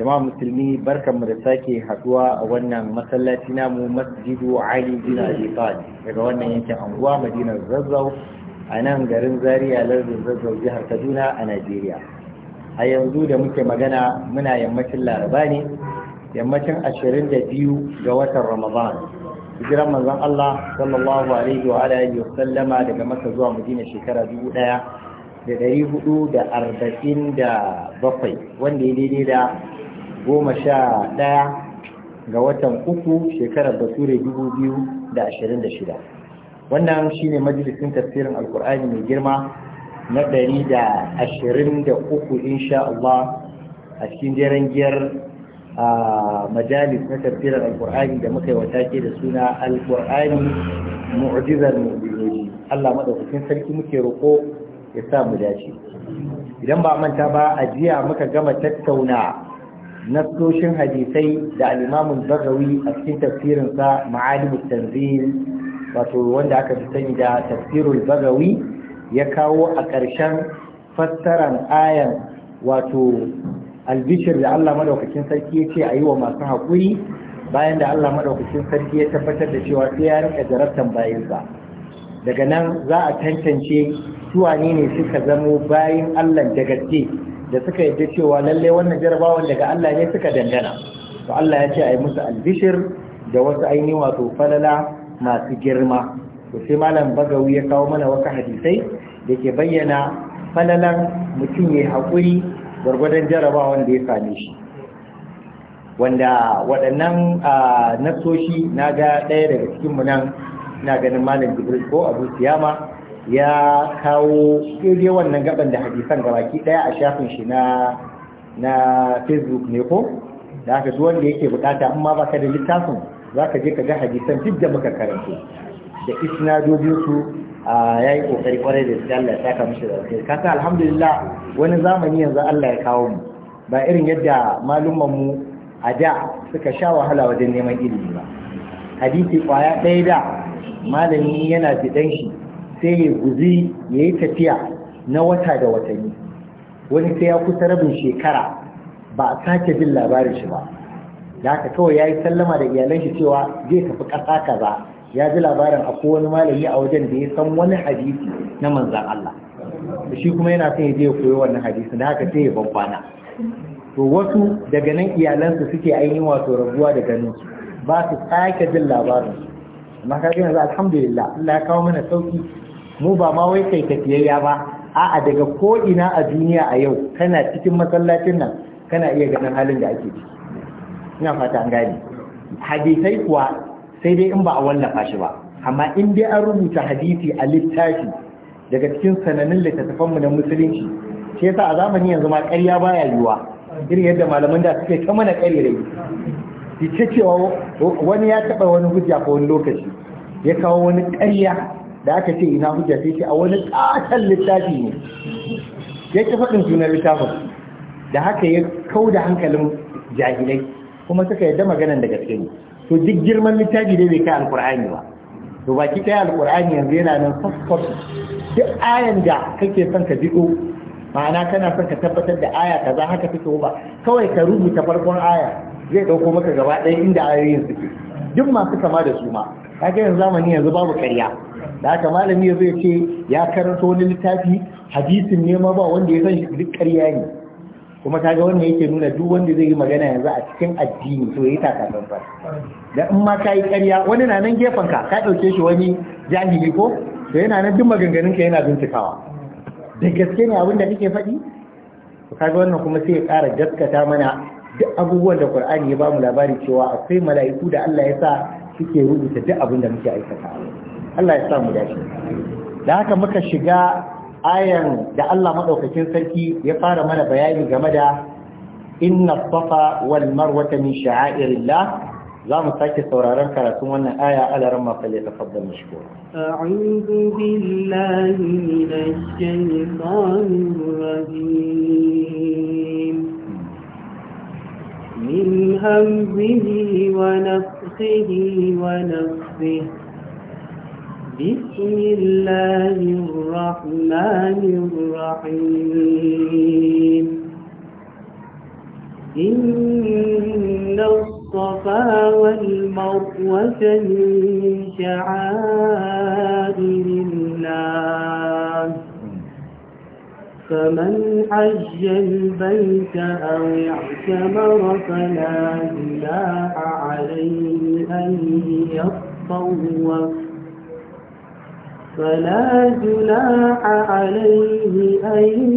jama'a musulmi mu da sake haduwa a wannan masallaci namu masjidu ali bin abi talib daga wannan yankin anguwa madinar zazzau a nan garin zaria lardin zazzau jihar kaduna a najeriya a yanzu da muke magana muna yammacin laraba ne yammacin ashirin da biyu ga watan ramadan hijiran manzon allah sallallahu alaihi wa alihi wa sallama daga maka zuwa madina shekara dubu daya da dari hudu da arba'in da bakwai wanda ya daidai da goma sha ɗaya ga watan uku shekarar bature dubu biyu da ashirin da shida wannan shine majalisin tafsirin alkur'ani mai girma na ɗari da ashirin da uku insha Allah a cikin daren giyar majalis na tafsirin alkur'ani da muka yi wata ke da suna alkur'ani mu'jizar mu'jizoji Allah madaukakin sarki muke roƙo ya sa mu dace idan ba manta ba a jiya muka gama tattauna nassoshin hadisai da al-Imam Zarrawi a cikin tafsirinsa, sa Ma'alim tanzil wato wanda aka fi sani da tafsirul Zarrawi ya kawo a ƙarshen fassaran ayan wato albishir da Allah maɗaukacin sarki ya ce a yi wa masu haƙuri bayan da Allah maɗaukacin sarki ya tabbatar da cewa sai ya rika jarabtan bayansa daga nan za a tantance suwane ne suka zamo bayan Allah da gaske da suka yi cewa lalle wannan jarabawan daga Allah ne suka dangana to Allah ya ce a yi musu albishir da wasu ainihi wato falala masu girma to sai malam bagawi ya kawo mana wasu hadisai da ke bayyana falalan mutum ya hakuri, gwargwadon jarabawan da ya same shi wanda waɗannan nasoshi na ga ɗaya daga cikinmu nan na ganin malam jibril ko abu siyama ya kawo daidai wannan gaban da hadisan gabaki ɗaya a shafin shi na na facebook ne ko da aka zuwa da yake bukata amma ka da littafin za ka je ka ga hadisan duk da muka karanto da isnadojin su ya yi kokari kwarai da Allah ya saka mishi da alheri kasa alhamdulillah wani zamani yanzu Allah ya kawo mu ba irin yadda malumman mu a da suka sha wahala wajen neman ilimi ba hadisi kwaya ɗaya da malami yana fidan shi sai ya guzi ya yi tafiya na wata da watanni wani sai ya kusa rabin shekara ba a sake jin labarin shi ba da haka kawai ya yi sallama da iyalan shi cewa zai tafi ƙasa kaza ya ji labarin a wani malami a wajen da ya san wani hadisi na manzan Allah shi kuma yana son ya je ya koyi wannan hadisi da haka sai ya babbana to wasu daga nan iyalansu suke ainihin wato rabuwa da ganin ba su sake jin labarin amma ka yanzu alhamdulillah Allah ya kawo mana sauki mu ba ma wai kai tafiyayya ba a'a daga ko ina a duniya a yau kana cikin masallacin nan kana iya ganin halin da ake ciki ina fata an gane hadisai kuwa sai dai in ba a wallafa shi ba amma in dai an rubuta hadisi a littafi daga cikin sanannun littattafanmu na musulunci shi yasa a zamani yanzu ma ƙarya baya yiwuwa irin yadda malaman da suke ta mana ƙarya ita cewa wani ya taɓa wani hujja ko wani lokaci ya kawo wani ƙarya da aka ce ina hujja sai ce a wani ƙaton littafi ne ya ki faɗin juna littafin da haka ya kau da hankalin jahilai kuma suka yadda maganan da gaske ne to duk girman littafi dai bai kai alƙur'ani ba to ba ki kai alƙur'ani yanzu yana nan fasfas duk ayan da kake son ka jiƙo ma'ana kana son ka tabbatar da aya kaza haka take ba kawai ka rubuta farkon aya zai ɗauko maka gaba ɗaya inda ayoyin suke duk masu kama da su ma kaga yanzu zamani yanzu babu ƙarya da haka malami ya zai ce ya karanta wani littafi hadisin ne ma ba wanda ya san shi duk ƙarya ne kuma kaga wannan yake nuna duk wanda zai yi magana yanzu a cikin addini to yayi taka fa da in ma kai ƙarya wani na nan gefen ka ka dauke shi wani jahili ko to yana nan duk maganganun ka yana bincikawa da gaske ne abin da kake faɗi to kaga wannan kuma sai ya ƙara gaskata mana duk abubuwan da Qur'ani ya bamu labari cewa akwai mala'iku da Allah ya sa suke rubuta duk abin da muke aikata Allah ya sa mu dace da haka muka shiga ayan da Allah madaukakin sarki ya fara mana bayani game da inna safa wal marwata min sha'airillah za mu sake sauraron karatun wannan aya ala ramma fa lita faddal mashkur a'udhu billahi minash shaitanir rajim min hamzihi wa nafsihi ونفخه ونفسه بسم الله الرحمن الرحيم إن الصفا والمروة من شعائر الله فمن حج البيت أو اعتمر فلا جناح عليه أن يطوف فلا جناح عليه أن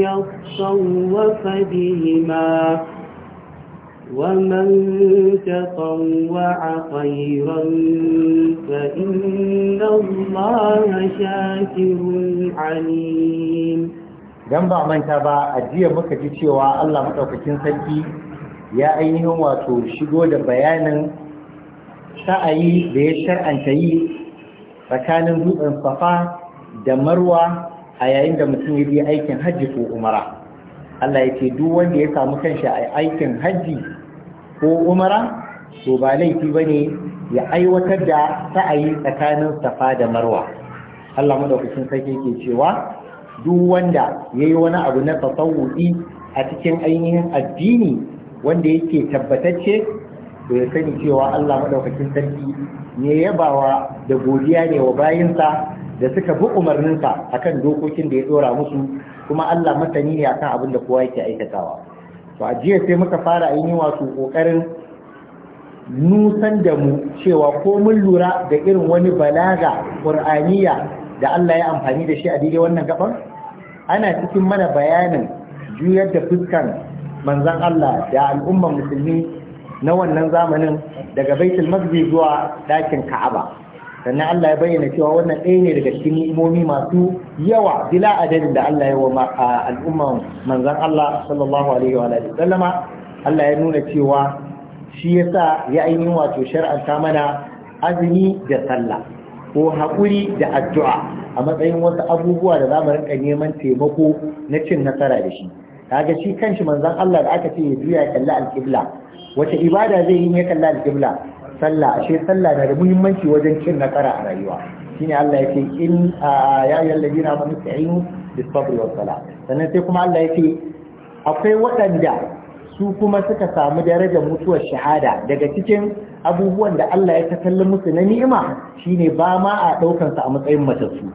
يطوف بهما ومن تطوع خيرا فإن الله شاكر عليم dan ba manta ba a jiya muka ji cewa Allah madaukakin sarki ya ainihin wato shigo da bayanin sa'ayi da ya shar'anta yi tsakanin dutsen safa da marwa a yayin da mutum ya biya aikin hajji ko umara Allah ya ce duk wanda ya samu kanshi a aikin hajji ko umara to ba laifi ba ne ya aiwatar da sa'ayi tsakanin safa da marwa Allah madaukakin sarki ke cewa duk wanda ya yi wani abu na tasawu'i a cikin ainihin addini wanda yake tabbatacce to ya sani cewa Allah madaukakin sarki ne yabawa da godiya ne wa bayinsa da suka bi umarninsa akan dokokin da ya dora musu kuma Allah masani ne akan abin da kowa yake aikatawa a jiya sai muka fara yi wato ƙoƙarin nusan da mu cewa ko mun lura da irin wani balaga ƙur'aniya da Allah ya amfani da shi a daidai wannan gaban ana cikin mana bayanin juyar da fuskan manzan Allah da al'umman musulmi na wannan zamanin daga baitul maqdis zuwa dakin Ka'aba sannan Allah ya bayyana cewa wannan ɗaya ne daga cikin ni'imomi masu yawa bila adadin da Allah ya wa al'umman manzan Allah sallallahu alaihi wa alihi sallama Allah ya nuna cewa shi yasa ya ainihin wato shar'anta mana azumi da sallah ko haƙuri da addu'a a matsayin wasu abubuwa da za mu rinka neman taimako na cin nasara da shi kaga shi kanshi manzan Allah da aka ce ya juya ya kalli alƙibla wace ibada zai yi ya kalli alƙibla sallah ashe sallah na da muhimmanci wajen cin nasara a rayuwa shine Allah ya ce in ya ayyul ladina amanu ta'inu bis sabri was salah sannan sai kuma Allah ya akwai waɗanda su kuma suka samu darajar mutuwar shahada daga cikin abubuwan da Allah ya takalli musu na ni'ima shine ba ma a sa a matsayin matattu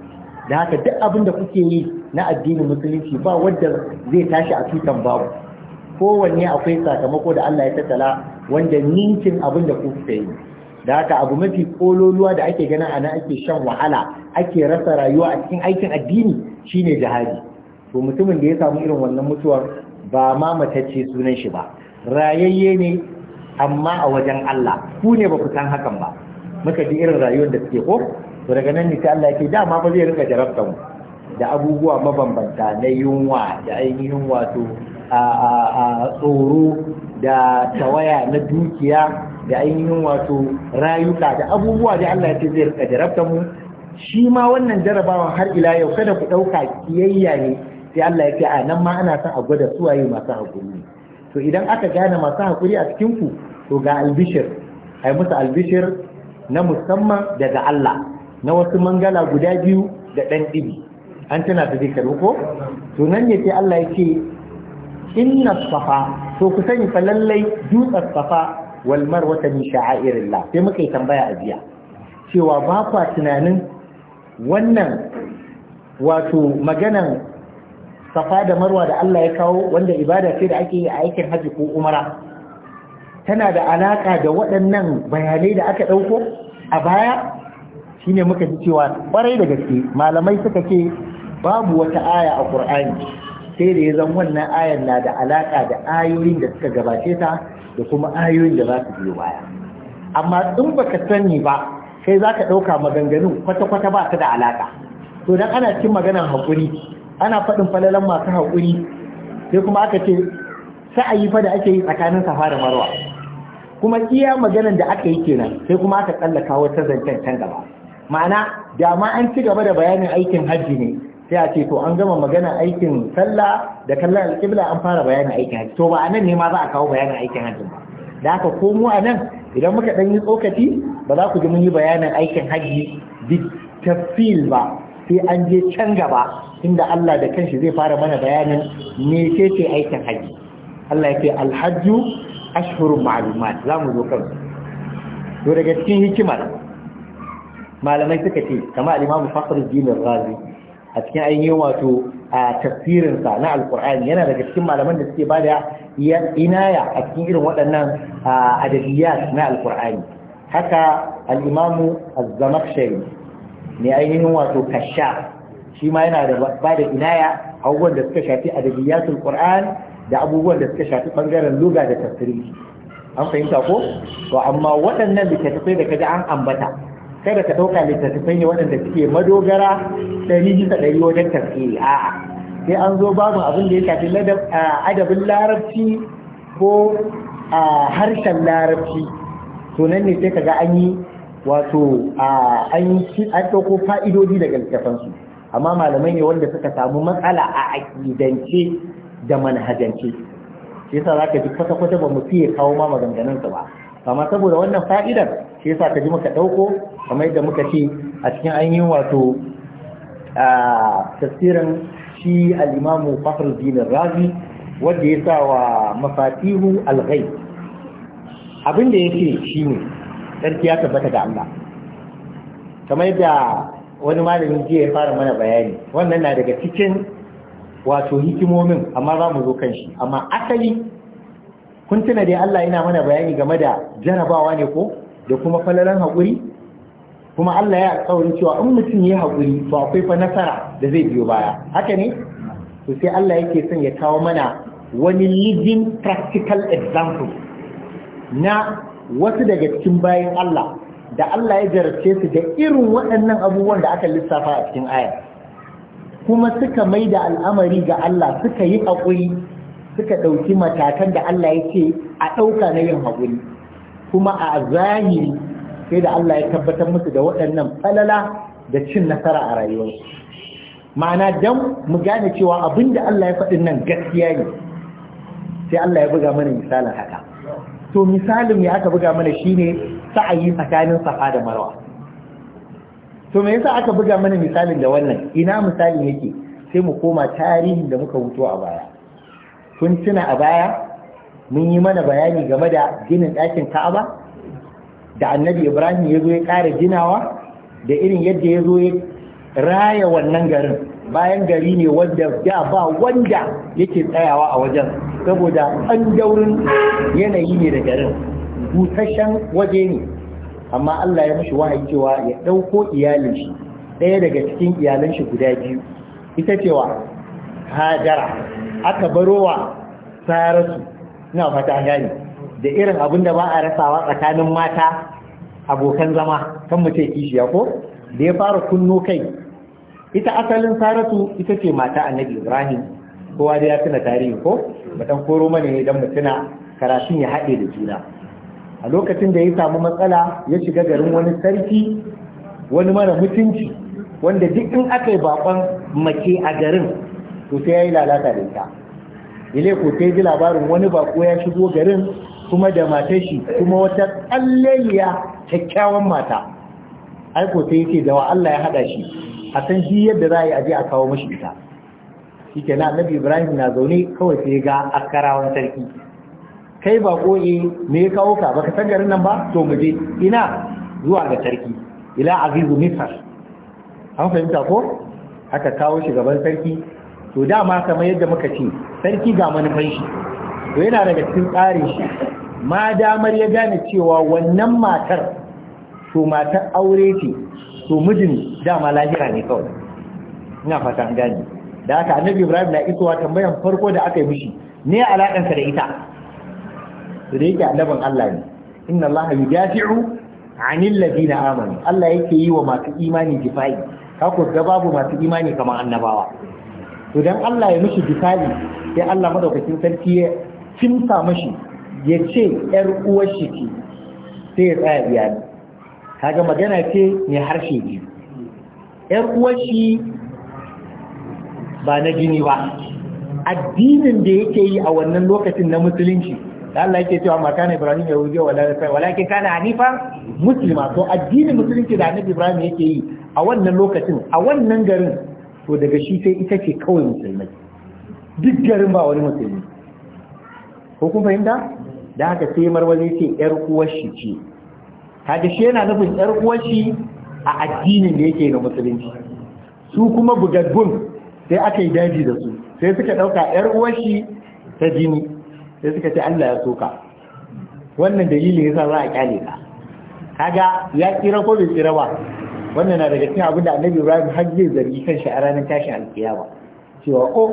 da haka duk abin da kuke yi na addinin musulunci ba wanda zai tashi a tutan babu kowanne akwai sakamako da Allah ya tattala wanda ninkin abin da ku yi da haka abu mafi kololuwa da ake ganin ana ake shan wahala ake rasa rayuwa a cikin aikin addini shine jihadi to mutumin da ya samu irin wannan mutuwar ba ma matacce sunan shi ba rayayye ne amma a wajen Allah ku ne ba ku san hakan ba muka ji irin rayuwar da suke ko to daga nan ne sai Allah yake dama ba zai rinka jarabta mu da abubuwa mabambanta na yunwa da ainihin wato a tsoro da tawaya na dukiya da ainihin wato rayuka da abubuwa da Allah ya ce zai rika jarabta mu shi ma wannan jarabawan har ila yau kada ku ɗauka kiyayya ne sai Allah ya ce a nan ma ana son a gwada suwaye masu haƙuri to idan aka gane masu hakuri a cikin ku to ga albishir ai musu albishir na musamman daga Allah na wasu mangala guda biyu da ɗan ɗibi an tana da zai ko to nan ne sai Allah ya ce inna safa to ku sani fa lallai dutsen safa wal marwa ta min sha'airillah sai muka yi tambaya a jiya cewa ba kwa tunanin wannan wato maganan safa da marwa da Allah ya kawo wanda ibada ce da ake yi a aikin haji ko umara tana da alaka da waɗannan bayanai da aka ɗauko a baya shine muka ji cewa kwarai da gaske malamai suka ce babu wata aya a Qur'ani sai da ya zan wannan ayar na da alaƙa da ayoyin da suka gabace ta da kuma ayoyin da za su biyo baya amma in baka sani ba kai za ka ɗauka maganganu kwata-kwata ba ta da alaƙa to dan ana cin maganar haƙuri ana faɗin falalan masu haƙuri sai kuma aka ce sa'ayi fa da ake yi tsakanin safarin marwa kuma iya maganar da aka yi kenan sai kuma aka tsallaka wata zancen can gaba ma'ana da ma an ci gaba da bayanin aikin hajji ne sai a ce to an gama magana aikin salla da kallon alƙibla an fara bayanin aikin hajji to ba a nan ne ma za a kawo bayanin aikin hajji ba da haka komo mu a nan idan muka ɗan yi tsokaci ba za ku ji mun yi bayanin aikin hajji duk tafil ba sai an je can gaba inda Allah da kanshi zai fara mana bayanin me ce ce aikin hajji Allah ya ce alhajju ashhurun ma'lumat za mu zo kan to daga cikin hikimar malamai suka ce kamar al-Imam Fakhruddin Razi a cikin ainihin wato a tafsirinsa na alkur'ani yana daga cikin malaman da suke bada inaya a cikin irin waɗannan adabiyat na alkur'ani haka al'imamu az-zamakhshari ne ainihin wato kasha shi ma yana da bada inaya abubuwan da suka shafi adabiyatul qur'an da abubuwan da suka shafi bangaren luga da tafsiri an fahimta ko to amma waɗannan littattafai da kaji an ambata kada ka ɗauka littattafai ne waɗanda suke madogara ɗari bisa ɗari wajen tafsiri a'a sai an zo babu abin da ya shafi adabin larabci ko harshen larabci to nan ne sai kaga an yi wato an ɗauko fa'idodi daga littafansu amma malamai ne wanda suka samu matsala a aƙidance da manhajance shi yasa za ka ji kwata-kwata ba mu fiye kawo ma maganganunsa ba amma saboda wannan fa'idar shi yasa ka ji muka ɗauko kamar yadda muka ce a cikin ainihin wato a tafsirin shi al-imamu fakhruddin razi wanda ya sa wa mafatihu al-ghayb abin da yake shine sarki ya tabbata ga Allah kamar yadda wani malamin jiya ya fara mana bayani wannan na daga cikin wato hikimomin amma za mu zo kan shi amma asali kun tuna dai Allah yana mana bayani game da jarabawa ne ko da kuma falalan haƙuri kuma Allah ya alƙawarin cewa in mutum ya yi haƙuri to akwai fa nasara da zai biyo baya haka ne to sai Allah yake son ya kawo mana wani living practical example na wasu daga cikin bayan Allah da Allah ya jarabce su da irin waɗannan abubuwan da aka lissafa a cikin aya kuma suka mai da al'amari ga Allah suka yi haƙuri suka ɗauki matakan da Allah ya ce a ɗauka na yin haƙuri kuma a zahiri sai da Allah ya tabbatar musu da waɗannan falala da cin nasara a rayuwarsu ma'ana don mu gane cewa abin da Allah ya faɗin nan gaskiya ne sai Allah ya buga mana misalin haka to misalin ya aka buga mana shine sa'ayi tsakanin safa da marwa to me yasa aka buga mana misalin da wannan ina misalin yake sai mu koma tarihin da muka wuto a baya kun tuna a baya mun yi mana bayani game da ginin ɗakin ka'aba da annabi ibrahim ya zo ya ƙara ginawa da irin yadda ya zo ya raya wannan garin bayan gari ne wanda da ba wanda yake tsayawa a wajen saboda an daurin yanayi ne da garin busasshen waje ne amma allah ya mushi wahayi cewa ya ɗauko iyalin shi ɗaya daga cikin iyalan shi guda biyu ita cewa hajara aka barowa saratu ina fata gani da irin abin da ba a rasawa tsakanin mata abokan zama kan mu ce kishiya ko da ya fara kunno kai ita asalin saratu ita ce mata annabi ibrahim kowa da ya tuna tarihi ko Ba dan koro mana ne dan mu tuna karashin ya haɗe da juna a lokacin da ya samu matsala ya shiga garin wani sarki wani mara mutunci wanda duk in aka yi bakon mace a garin to sai ya yi lalata da ita ile ko ta ji labarin wani bako ya shigo garin kuma da matar shi kuma wata tsallayya kyakkyawan mata ko sai yake da wa Allah ya hada shi a san shi yadda za a yi aje a kawo mashi ita shi ke nan annabi ibrahim na zaune kawai sai ga akarawan sarki kai ba koye eh, me ya kawo ka baka san garin nan ba to mu je ina zuwa ga sarki ila azizu misar an fahimta ko aka kawo shi gaban sarki to dama kamar yadda muka ce sarki ga manufan shi to yana daga cikin tsarin shi ma damar ya gane cewa wannan matar to matar aure ce to mijin dama lahira ne kawai ina fata an gane da haka annabi ibrahim na isowa tambayan farko da aka yi mishi ne alaƙansa da ita to da yake annabin allah ne inna allaha yudafi'u anil ladina amanu Allah yake yi wa masu imani jifai kako ga babu masu imani kamar annabawa to dan Allah ya mishi bisali sai Allah madaukakin sarki ya cinta mishi ya ce ‘yar uwar shi ce sai ya tsaya iyali kaga magana ce mai harshe biyu ‘yar uwar shi ba na jini ba addinin da yake yi a wannan lokacin na musulunci da Allah yake cewa ma kana Ibrahim ya Yahudiya wala sai walakin kana hanifa muslima to addinin musulunci da Annabi Ibrahim yake yi a wannan lokacin a wannan garin to daga shi sai ita ce kawai musulmai duk garin ba wani musulmi ko kun fahimta da haka sai marwali ce yar uwar shi ce kaga shi yana nufin yar uwar shi a addinin da yake na musulunci su kuma bugaggun sai aka yi daji da su sai suka ɗauka yar uwar shi ta jini sai suka ce Allah ya soka wannan dalilin yasa za a kyale ka kaga ya kira ko bai kira ba wannan na daga cikin abin da annabi ibrahim har zai zargi kanshi a ranar tashin alkiyama cewa ko oh,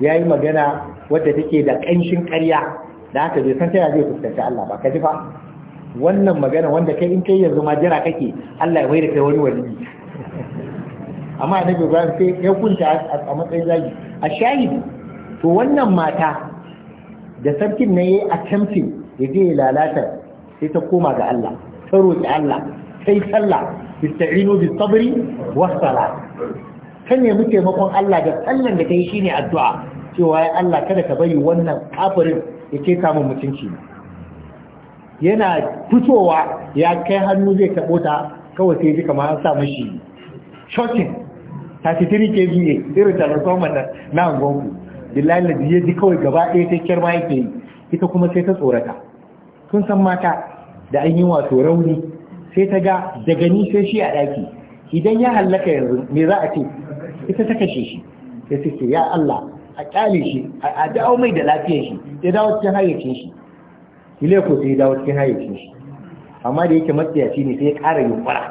ya yi magana wadda take da ƙanshin ƙarya da aka bai san tana zai fuskanci allah ba ka ji fa wannan magana wanda kai in kai yanzu ma jira kake allah ya mai da kai wani waliyi amma annabi ibrahim sai ya kunta a matsayin zagi a shahidi to wannan mata da sarkin na yayi attempting ya je lalata sai ta koma ga allah ta roƙi allah sai sallah istainu bis sabri was sala ka nemi taimakon Allah da sallan da kai shine addu'a cewa ya Allah kada ka bari wannan kafirin yake ke mutunci yana fitowa ya kai hannu zai tabo ta kawai sai ji kamar an sa mishi shocking bi ne irin transformer na angonku billahi da ya ji kawai gaba ɗaya ta kirma yake yi ita kuma sai ta tsorata kun san mata da an yi wato rauni sai ta ga daga ni sai shi a ɗaki idan ya hallaka yanzu me za a ce ita ta kashe shi sai ta ce ya Allah a kyale shi a dawo mai da lafiyar shi ya dawo cikin hayyacin shi ile ko sai ya dawo cikin hayyacin shi amma da yake shi ne sai ya ƙara yunkura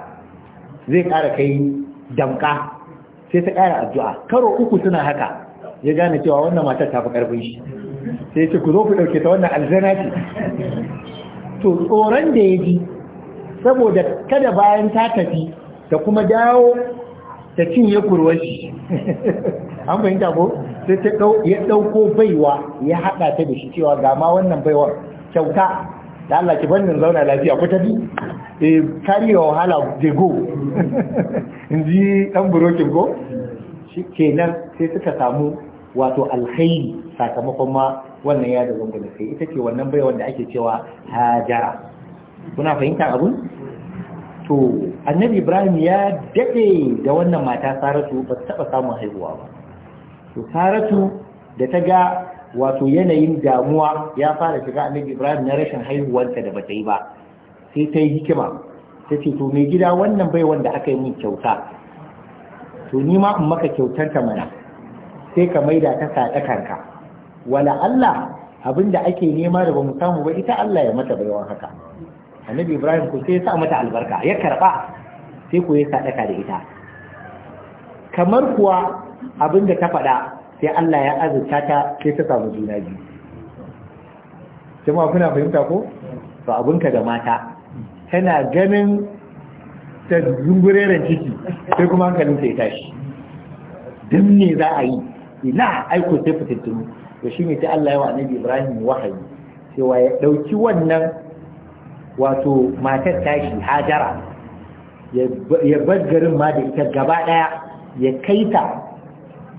zai ƙara kai damka sai ta ƙara addu'a karo uku suna haka ya gane cewa wannan matar ta fi ƙarfin shi sai ce ku zo ku ɗauke ta wannan alzana ce to tsoron da ya ji saboda kada bayan ta tafi ta kuma dawo ta cinye shi. an fahimta ko sai ta ya ɗauko baiwa ya haɗa ta da shi cewa ga ma wannan baiwar kyauta da Allah ki bannin zauna lafiya ku tafi eh kari wa wahala de go in ji ɗan burokin ko kenan sai suka samu wato alkhairi sakamakon ma wannan ya da zanga sai ita ce wannan baiwar da ake cewa hajara kuna fahimta abun to annabi ibrahim ya daɗe da wannan mata saratu ba ta taɓa samun haihuwa ba to saratu da ta ga wato yanayin damuwa ya fara shiga annabi ibrahim na rashin haihuwarta da bata yi ba sai ta yi hikima ta ce to mai gida wannan bai wanda aka yi min kyauta to ni ma in maka kyautar ta mana sai ka maida ta saɗa kanka wala Allah abinda ake nema da ba mu samu ba ita Allah ya mata baiwan haka annabi ibrahim ko sai ya sa mata albarka ya karba sai ko ya sadaka da ita kamar kuwa abinda da ta faɗa sai Allah ya azurta ta sai ta samu juna biyu jama'a kuna fahimta ko to abinka da mata tana ganin ta zungureren ciki sai kuma hankalin ta ya tashi dan ne za a yi ina aiko sai fitattun to shine ta Allah ya wa annabi Ibrahim wahayi cewa ya ɗauki wannan wato matar tashi hajara ya bar garin ma da ita gaba ɗaya ya kai ta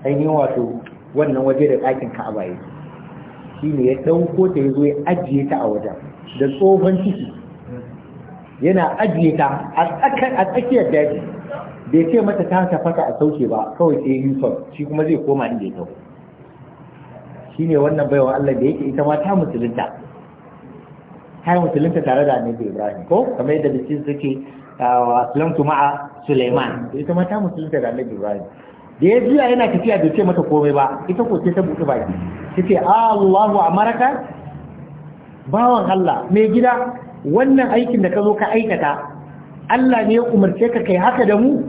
ainihin wato wannan waje da ɗakin ka'aba baya. shi ne ya ɗauko ta ya zo ya ajiye ta a wajen da tsohon ciki yana ajiye ta a tsakiyar daji bai ce mata ta ta a sauke ba kawai sai yusuf shi kuma zai koma inda ya tafi. shi ne wannan baiwa allah da yake ita ma ta musulunta har musulunta tare da annabi ibrahim ko kamar yadda bisin suke aslamtu ma'a suleiman ita mata musulunta da annabi ibrahim da ya jiya yana tafiya da ce mata komai ba ita ko ce ta buɗe baki take Allahu amaraka bawan Allah mai gida wannan aikin da ka zo ka aikata Allah ne ya umarce ka kai haka da mu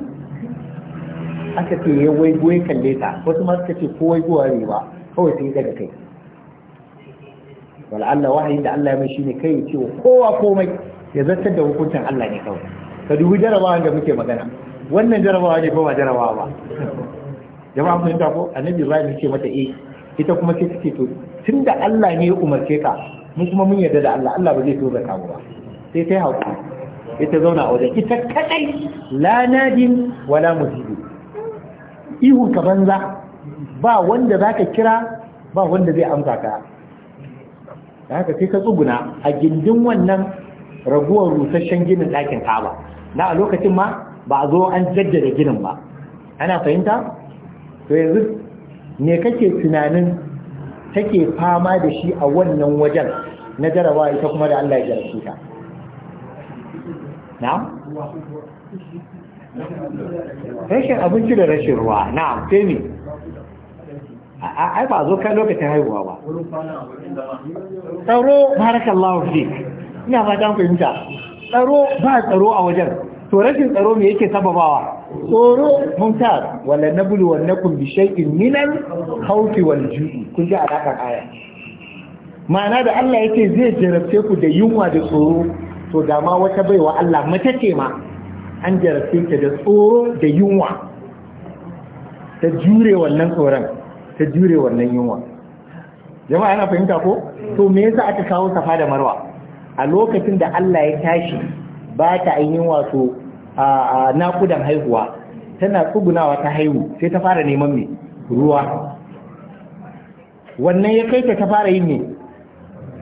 aka ce ya waigoye kalle ta wasu ma suka ce ko waigowa ne ba kawai sai daga kai wal'alla wahayin da Allah ya mai ne kai ya ce wa kowa komai ya zartar da hukuncin Allah ne kawai ka dubi jarabawa da muke magana wannan jarabawa ne ko jarabawa ba jama'a mun ta ko annabi Ibrahim ce mata eh ita kuma sai take to tun da Allah ne ya umarce ka mun kuma mun yarda da Allah Allah ba zai tura ka ba sai ta yi hauka ita zauna a wajen ita kadai la nadin wala musibi ihu ka banza ba wanda zaka kira ba wanda zai amsa ka da haka sai ka tsuguna a gindin wannan raguwar rusasshen ginin ɗakin kaba na a lokacin ma ba a zo an jaddada ginin ba ana fahimta to yanzu ne kake tunanin take fama da shi a wannan wajen na jarabawa ita kuma da Allah ya jarabce ta na'am rashin abinci da rashin ruwa na'am sai ai ba zo kai lokacin haihuwa ba tsaro barakallahu fi ina ba dan fahimta tsaro ba tsaro a wajen to rashin tsaro me yake sababawa tsoro mumtaz wala nablu wa nakum bi shay'in min al khawfi wal ju'i kun ji alaka aya ma'ana da Allah yake zai jarabce ku da yunwa da tsoro to da ma wata baiwa Allah mace ce ma an jarabce ta da tsoro da yunwa ta jure wannan tsoron ta jure wannan yunwa jama'a yana fahimta ko to me yasa aka kawo safa da marwa a lokacin da Allah ya tashi ba ta yunwa wato a nakudan haihuwa tana tsugunawa ta haihu sai ta fara neman me ruwa wannan ya kai ta ta fara yin ne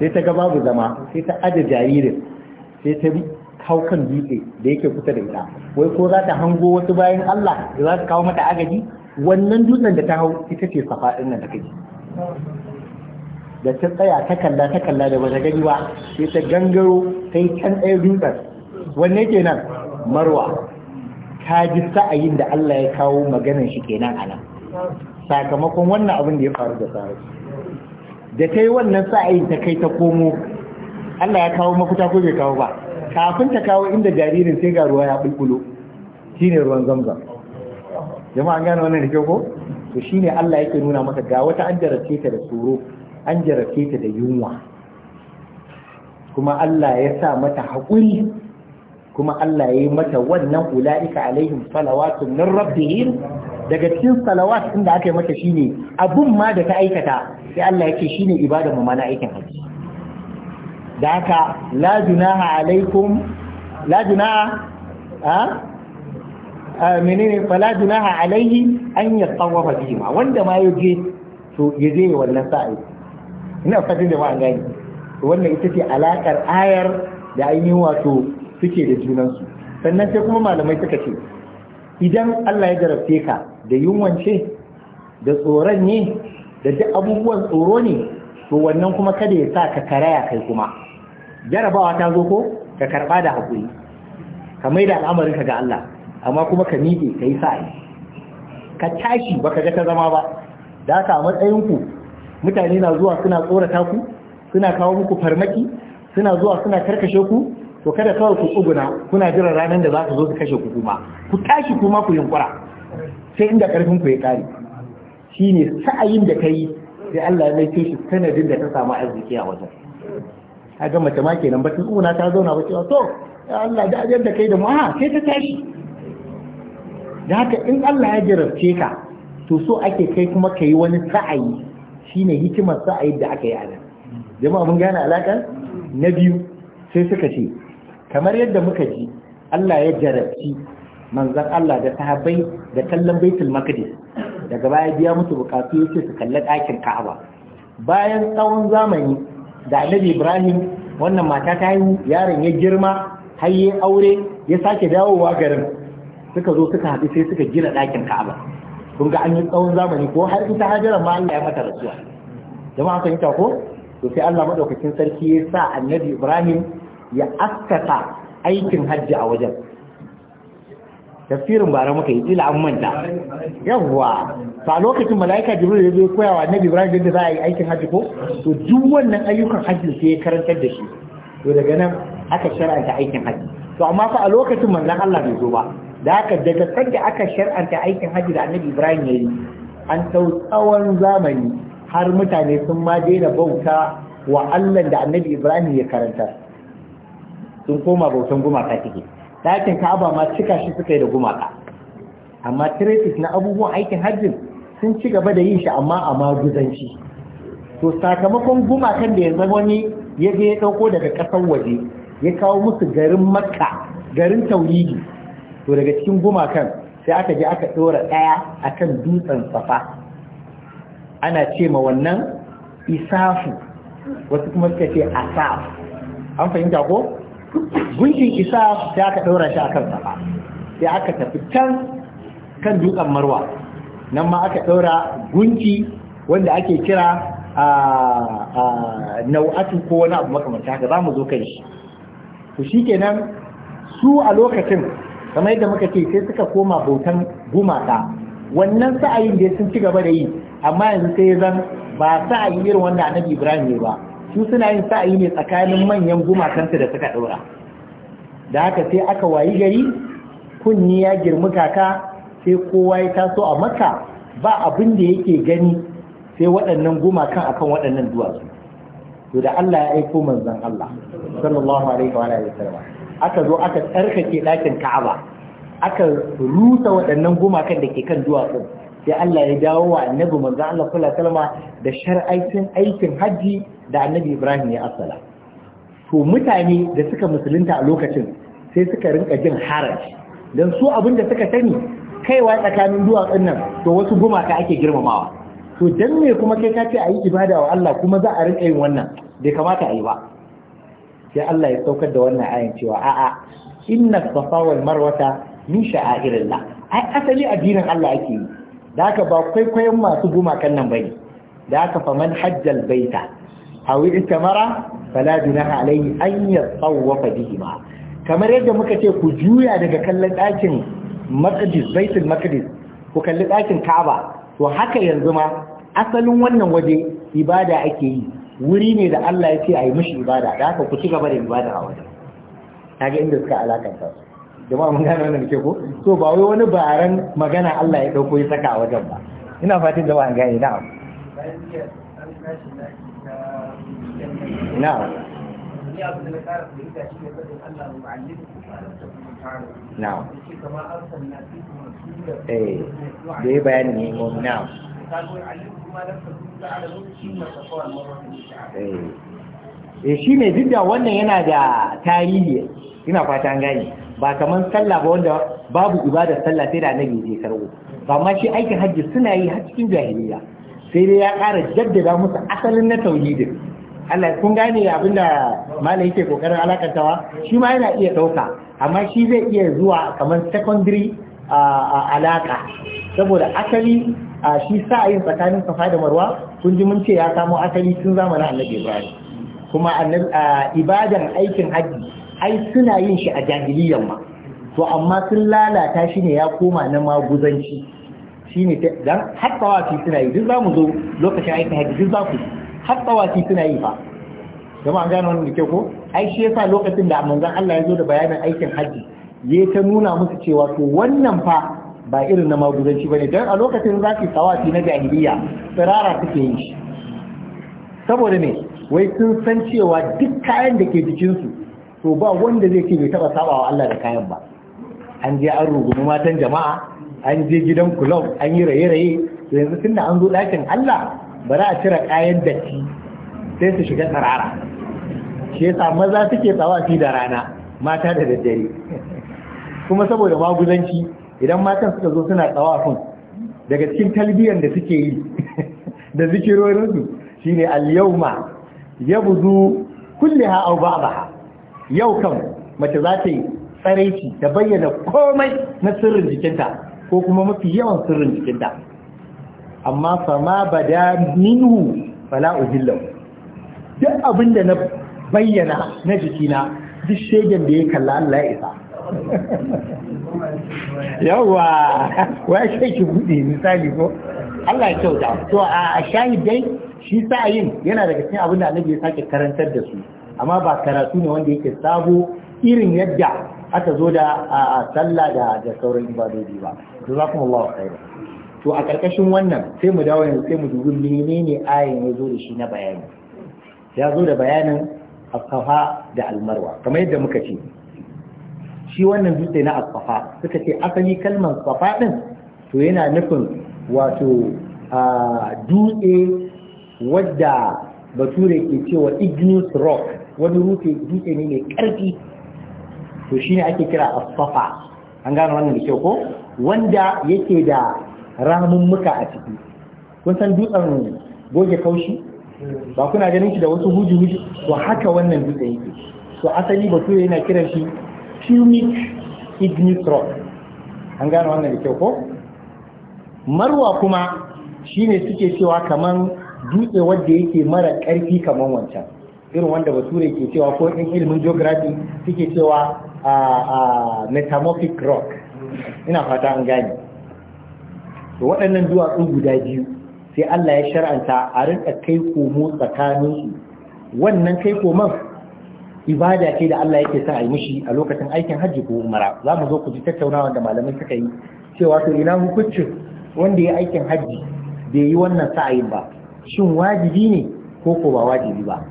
sai ta ga babu zama sai ta aje jaririn sai ta hau kan dutse da yake kusa da ita wai ko za ta hango wasu bayan Allah da za su kawo mata agaji wannan dutsen da ta hau ita ce safa ɗin nan da kake da ta tsaya ta kalla ta kalla da bata gani ba sai ta gangaro ta yi can ɗaya dutsen wanne nan marwa ta ji sa'ayin da Allah ya kawo maganan shi kenan a nan sakamakon wannan abin da ya faru da sarai da ta yi wannan sa'ayin ta kai ta komo Allah ya kawo mafita ko bai kawo ba kafin ta kawo inda jaririn sai ga ruwa ya bulbulo shine ruwan zamzam jama'a gane wannan da ko to shine Allah yake nuna maka ga wata an jarabce ta da tsoro an jarabce ta da yunwa kuma Allah ya sa mata haƙuri kuma Allah ya yi mata wannan ula'ika alaihim salawatun min rabbihim daga cikin salawat din da aka yi mata shine abun ma da ta aikata sai Allah ya ce shine ibadar mu mana aikin haji da haka la junaha alaikum la junaha menene fala junaha alaihi an ya tsawafa bihima wanda ma yaje to yaje wannan sa'i ina fadin da ba gani wannan ita ce alakar ayar da ainihin wato suke da junansu sannan sai kuma malamai suka ce idan Allah ya jarabce ka da yunwance da tsoron ne da duk abubuwan tsoro ne to wannan kuma kada ya sa ka karaya kai kuma jarabawa ta zo ko ka karba da hakuri ka mai da ka ga Allah amma kuma ka miƙe ka yi sa'i ka tashi ba ka ga ta zama ba da haka a matsayinku mutane na zuwa suna tsorata ku suna kawo muku farmaki suna zuwa suna karkashe ku to kada kawai ku tsuguna kuna jiran ranar da za ku zo su kashe ku kuma ku tashi kuma ku yunkura sai inda karfin ku ya kare ne sa'ayin da ka yi sai Allah ya maito shi sanadin da ta samu arziki a wajen ga mace ma kenan ba ta tsuguna ta zauna ba cewa to Allah da ajiyar da kai da mu a sai ta tashi da haka in Allah ya jarabce ka to so ake kai kuma ka yi wani sa'ayi shine hikimar sa'ayi da aka yi a nan jama'a mun gane alaƙar na biyu sai suka ce kamar yadda muka ji Allah ya jarabci manzan Allah da sahabbai da kallon baitul maqdis daga baya biya musu bukatu yace su kalli ɗakin Ka'aba bayan tsawon zamani da Annabi Ibrahim wannan mata ta haihu yaron ya girma har ya aure ya sake dawowa garin suka zo suka haɗu sai suka gina ɗakin ka'aba kun ga an yi tsawon zamani ko har ita hajara ma Allah ya mata rasuwa jama'a kan ita ko to sai Allah madaukakin sarki ya sa annabi Ibrahim ya askata aikin hajji a wajen tafsirin bara muka yi dila an manta yawwa ba lokacin mala'ika jibril ya zo koya wa annabi Ibrahim yadda za a yi aikin hajji ko to duk wannan ayyukan hajji sai ya karantar da shi to daga nan aka shar'anta aikin hajji to amma fa a lokacin manzon Allah bai zo ba da aka daga sanda aka shar'anta aikin hajji da annabi ibrahim ya yi an sau tsawon zamani har mutane sun ma daina bauta wa allah da annabi ibrahim ya karanta sun koma bautan gumaka take ɗakin ka'aba ma cika shi suka yi da gumaka amma traces na abubuwan aikin hajji sun ci gaba da yin shi amma a maguzanci to sakamakon gumakan da yanzu wani ya je ya ɗauko daga ƙasar waje ya kawo musu garin makka garin tauridi to daga cikin gumakan sai aka je aka dora ɗaya akan dutsen safa ana ce ma wannan isafu wasu kuma suka ce asaf an fahimta ko gunkin isaf sai aka dora shi akan safa sai aka tafi can kan dutsen marwa nan ma aka dora gunki wanda ake kira a nau'atu ko wani abu makamanta haka za mu zo kai shi to shikenan su a lokacin kamar yadda muka ce sai suka koma bautan gumaka wannan sa'ayin da sun ci gaba da yi amma yanzu sai ya zan ba sa'ayi irin wanda annabi ibrahim ne ba su suna yin sa'ayi ne tsakanin manyan gumakansu da suka ɗora da haka sai aka wayi gari kunni ya girmi kaka sai kowa ya taso a maka ba abin da yake gani sai waɗannan gumakan akan waɗannan duwatsu to da Allah ya aiko manzon Allah sallallahu alaihi wa alihi wasallam aka zo aka tsarkake ɗakin ka'aba aka rusa waɗannan gumakan da ke kan duwatsu sai Allah ya dawo wa annabi manzo Allah sallallahu alaihi da shar'aikin aikin haji da annabi Ibrahim ya asala to mutane da suka musulunta a lokacin sai suka rinka jin haraji dan su abin da suka sani kaiwa tsakanin duwatsun nan to wasu gumaka ake girmamawa to dan me kuma kai ka ce ayi ibada wa Allah kuma za a rinka yin wannan bai kamata a yi ba sai Allah ya saukar da wannan ayan cewa a'a inna safa wal marwata min sha'airillah ai asali addinin Allah ake yi da haka ba kwaikwayon masu gumakan nan bane da haka faman hajjal baita aw itamara fala dunaha alayhi an yatawwafa bihima kamar yadda muka ce ku juya daga kallon ɗakin Maqdis Baitul Maqdis ku kalli ɗakin Ka'aba to haka yanzu ma asalin wannan waje ibada ake yi wuri ne da Allah ya ce a yi mishi ibada da haka ku ci gaba da ibada a wajen ga inda suka alakanta su jama'a mun gane wannan ke ko so ba wai wani baran magana Allah ya dauko ya saka a wajen ba ina fatan jama'a an gane na'am na'am na'am eh da bayanin ne na'am eh, eh shi ne duk wannan yana da tarihi ina fata an gani ba kamar sallah ba wanda babu ibadar sallah sai da annabi je karbo ba ma shi aikin hajji suna yi har cikin jahiliya sai dai ya kara jaddada musu asalin na tauhidin Allah kun gane abin da malai yake kokarin alakantawa shi ma yana iya ɗauka amma shi zai iya zuwa kamar secondary alaka saboda asali a shi sa yin tsakanin safa da marwa kun ji mun ce ya samo asali tun zamanin annabi ibrahim kuma ibadan aikin hajji ai suna yin shi a jahiliyyar ma to amma sun lalata shi ne ya koma na maguzanci shi ne dan har tawafi suna yi duk za mu zo lokacin aikin hajji duk za ku har tawafi suna yi fa kuma an gano wannan da kyau ko ai shi yasa lokacin da manzon Allah ya zo da bayanin aikin hajji ya ta nuna musu cewa to wannan fa ba irin na maguzanci ba ne don a lokacin za ki tawafi na jahiliya tsirara suke yi shi saboda ne wai sun san cewa duk kayan da ke jikinsu to ba wanda zai ce bai taba saba wa Allah da kayan ba an je an rugumi matan jama'a an je gidan kulob an yi raye-raye to yanzu tun da an zo ɗakin Allah ba za a cire kayan datti sai su shiga tsirara shi yasa maza suke tsawafi da rana mata da daddare kuma saboda maguzanci idan matan suka zo suna tsawafin daga cikin talbiyan da suke yi da zikirorinsu shine al-yawma yabzu kulliha aw ba'daha yau kan mace za ta yi tsaraici da bayyana komai na sirrin jikinta ko kuma mafi yawan sirrin jikinta amma fama bada minhu fala uhillahu duk abin da na bayyana na jikina duk shegen da ya kalla Allah ya isa yawwa wai sai ki bude misali ko Allah ya kyauta to a shahidai shi sa'ayin yana daga cikin abin da annabi ya sake karantar da su amma ba karatu ne wanda yake sabo irin yadda aka zo da sallah da da sauran ibadodi ba jazakumullahu khairan to a karkashin wannan sai mu dawo yanzu sai mu dubi menene ayin ya zo da shi na bayani ya zo da bayanin afaha da almarwa kamar yadda muka ce shi wannan dutse na asfafa suka ce asali kalmar safa ɗin to yana nufin wato dutse wadda bature ke cewa igneous rock wani rufe dutse ne mai karfi to ne ake kira asfafa an gano wannan da kyau ko wanda yake da ramummuka a ciki kun san dutsen goge kaushi ba kuna ganin shi da wasu huji huji to haka wannan dutse yake to asali bature yana kiran shi punic ignis rock an gane wannan da kyau ko marwa kuma shine suke cewa kaman dutse wanda yake mara karfi kaman wancan irin wanda bature ke cewa ko in ilimin geography suke cewa a metamorphic rock ina fata an gane to waɗannan duwatsu guda biyu sai Allah ya shar'anta a rinka kai komo su wannan kai koman ibada ce da Allah yake sa a yi mishi a lokacin aikin hajji ko umara za mu zo ku ji tattaunawa da malamai suka yi cewa to ina hukuncin wanda ya aikin hajji bai yi wannan sa'ayin ba shin wajibi ne ko ko ba wajibi ba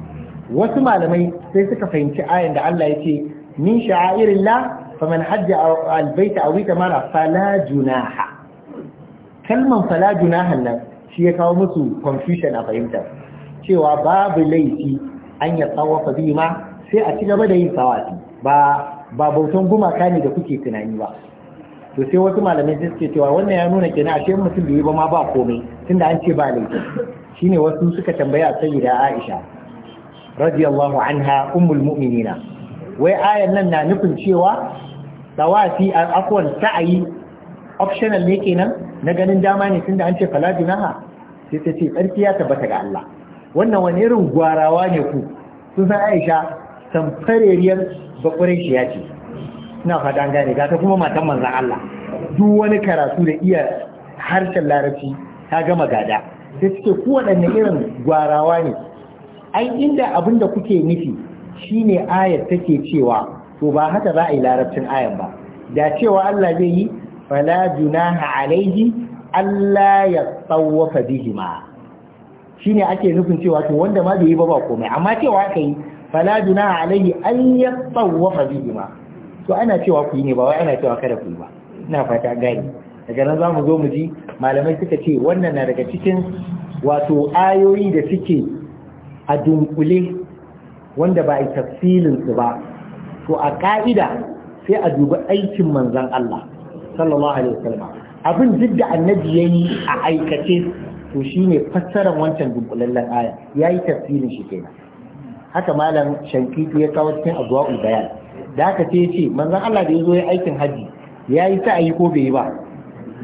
wasu malamai sai suka fahimci ayan da Allah ya ce min sha'airillah faman hajja albayta aw itamara fala junaha kalman fala junahan nan shi ya kawo musu confusion a fahimta cewa babu laifi an ya tsawafa ma. sai a ci gaba da yin tsawafi ba ba bautan gumaka ne da kuke tunani ba to sai wasu malamai sun suke cewa wannan ya nuna kenan ce mutum bai yi ba ma ba komai tunda an ce ba laifi shine wasu suka tambaya sayyida Aisha radiyallahu anha ummul mu'minina wai ayan nan na nufin cewa tawafi a ta sa'ayi optional ne kenan na ganin dama ne tunda an ce fala sai ta ce tsarki ya tabbata ga Allah wannan wani irin gwarawa ne ku sun san Aisha tamfareriyar bakwarin shi ya ce na faɗa gane ta kuma matan manzan Allah duk wani karatu da iya harshen larabci ta gama gada ta cike ku irin gwarawa ne ai inda abin da kuke nufi shine ayar take cewa to ba haka za a yi larabcin ayar ba da cewa Allah zai yi fala junaha alaihi Allah ya tsawafa bihima shine ake nufin cewa to wanda ma bai yi ba ba komai amma cewa aka yi fala junaha alaihi an yatawafa bihima to ana cewa ku yi ne ba wai ana cewa kada ku yi ba ina fata gani daga nan zamu zo mu ji malamai suka ce wannan na daga cikin wato ayoyi da suke a dunkule wanda ba a tafsilin su ba to a ka'ida sai a dubi aikin manzon Allah sallallahu alaihi wasallam abin duk da annabi yayi a aikace to shine fassarar wancan dunkulallen aya yayi tafsirin shi kenan haka malam shankiti ya kawo cikin adwa'ul bayan da haka sai ce manzon Allah da yazo ya aikin Ya yayi ta ayi ko bai yi ba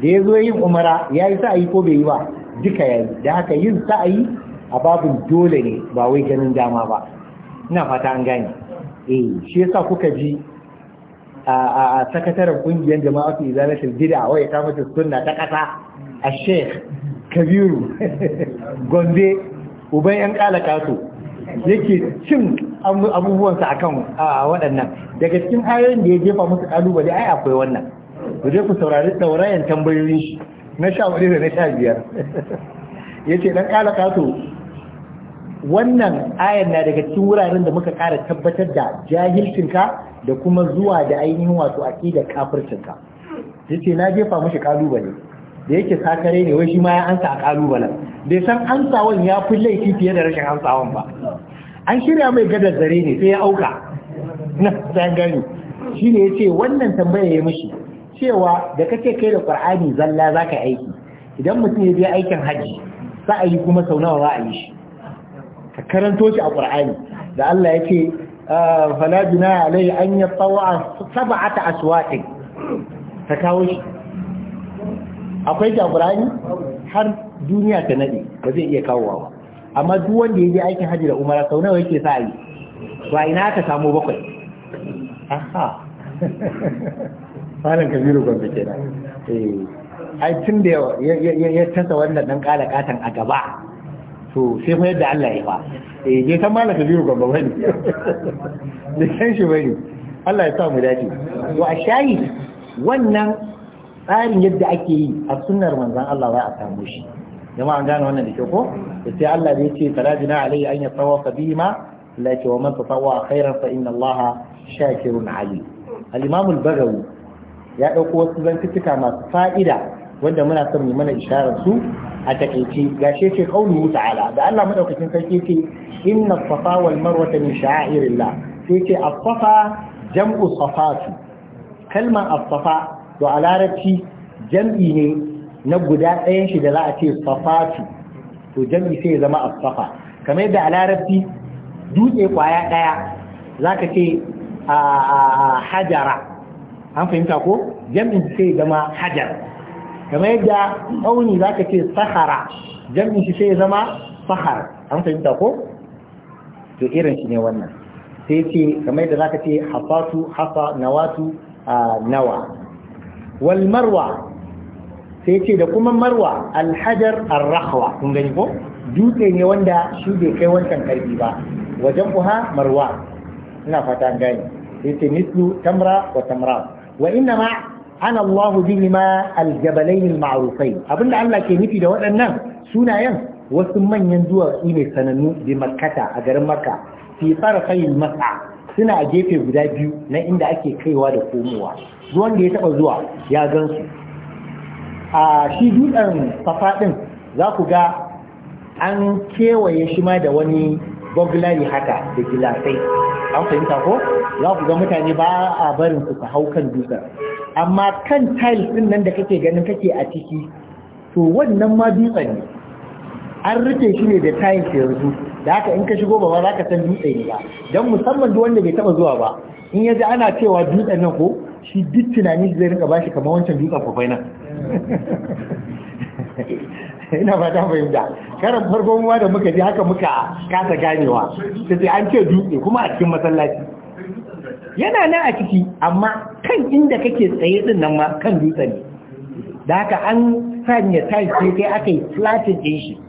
da yazo yin umara yayi ta ayi ko bai yi ba duka yayi da haka yin ta ayi a babin dole ne ba wai ganin dama ba ina fata an gane eh shi yasa kuka ji a sakataren kungiyar fi zalatul bid'a wai ta mata sunna ta kasa a sheikh kabiru gombe uban yan kala kaso yake cin abubuwansa a kan waɗannan daga cikin ayoyin da ya jefa musu ƙalubale, ai akwai wannan ku je ku saurari ɗaurayen tambayoyin na sha hudu da na sha biyar ya ce ɗan ƙala kato wannan ayan na daga cikin wuraren da muka ƙara tabbatar da jahilcinka da kuma zuwa da ainihin wato aƙidar kafircinka ya ce na jefa mashi ƙalubale. da yake sakare ne wai shi ma ya ansa a ƙalubalen. bai san ansawan ya fi laifi fiye da rashin ansawan ba an shirya mai gadar zare ne sai ya auka na san gani shi ne ya ce wannan tambaya ya mishi cewa da kake kai da ƙur'ani zalla za ka aiki idan mutum ya je aikin hajji za a yi kuma sau nawa za a yi shi ka karanto shi a qur'ani da Allah ya ce fala junaya alai an yatawa sab'ata aswatin ta kawo shi akwai jagorani har duniya ta nade ba zai iya kawowa ba amma duk wanda ya je aikin hajji da umara sau nawa yake sa yi ba ina aka samu bakwai aha malam kabiru gombe kenan eh ai tun da ya tasa wannan dan kala katan a gaba to sai fa yadda Allah ya fa eh je san malam kabiru gombe bane ne san shi bane Allah ya sa mu dace to a shayi wannan tsarin yadda ake yi a sunnar manzon Allah za a samu shi jama'a an gane wannan da ke ko da sai Allah da ce tarajina alai an ya tawafa bima la ce wa man tatawwa khairan fa inna Allah shakirun ali al-imam al-bagawi ya dauko wasu zantuttuka masu fa'ida wanda muna son mu mana isharar su a takeice gashe ce kaulu ta'ala da Allah madaukakin sarki ce inna safa wal marwa min sha'irillah sai ce as-safa jam'u safatu kalmar as-safa to a larabci jam'i ne na guda ɗayan shi da za a ce safatu to jam'i sai ya zama asfafa kamar yadda a larabci dutse kwaya ɗaya za ka ce a hajara an fahimta ko jam'in sai ya zama hajar kamar yadda tsauni za ka ce sahara jam'in shi sai ya zama sahar an fahimta ko to irin shi ne wannan sai ce kamar yadda za ka ce hafatu hafa nawatu nawa Walmarwa sai ce da kuma marwa alhajar arrahwa kun gani ko dutse ne wanda shi bai kai wancan karfi ba wajen kuha marwa ina fata an gani sai ce mislu tamra wa tamra wa inna ma ana Allahu bihi ma aljabalain al-ma'rufai abinda Allah ke nufi da waɗannan sunayen wasu manyan duwatsu ne sanannu bi makkata a garin makka fi fara al-mas'a suna a gefe guda biyu na inda ake kaiwa da komowa ruwan da ya taba zuwa ya gansu a shi dutsen fafaɗin za ku ga an kewaye shi ma da wani burglary haka da gilasai an fahimta ko za ku ga mutane ba a barin su hau kan dutsen amma kan tiles din nan da kake ganin kake a ciki to wannan ma dutsen ne an rufe shi ne da tiles yanzu da haka in ka shigo ba za ka san dutse ne ba don musamman duk wanda bai taba zuwa ba in ya ji ana cewa dutsen nan ko shi duk tunani zai rinka bashi kamar wancan dutsen kwafai nan ina ba ta fahimta karan farko muwa da muka ji haka muka kasa ganewa ta ce an ce dutse kuma a cikin masallaci yana nan a ciki amma kan inda kake tsaye din nan ma kan dutse ne da haka an sanya tashi sai aka yi flatin din shi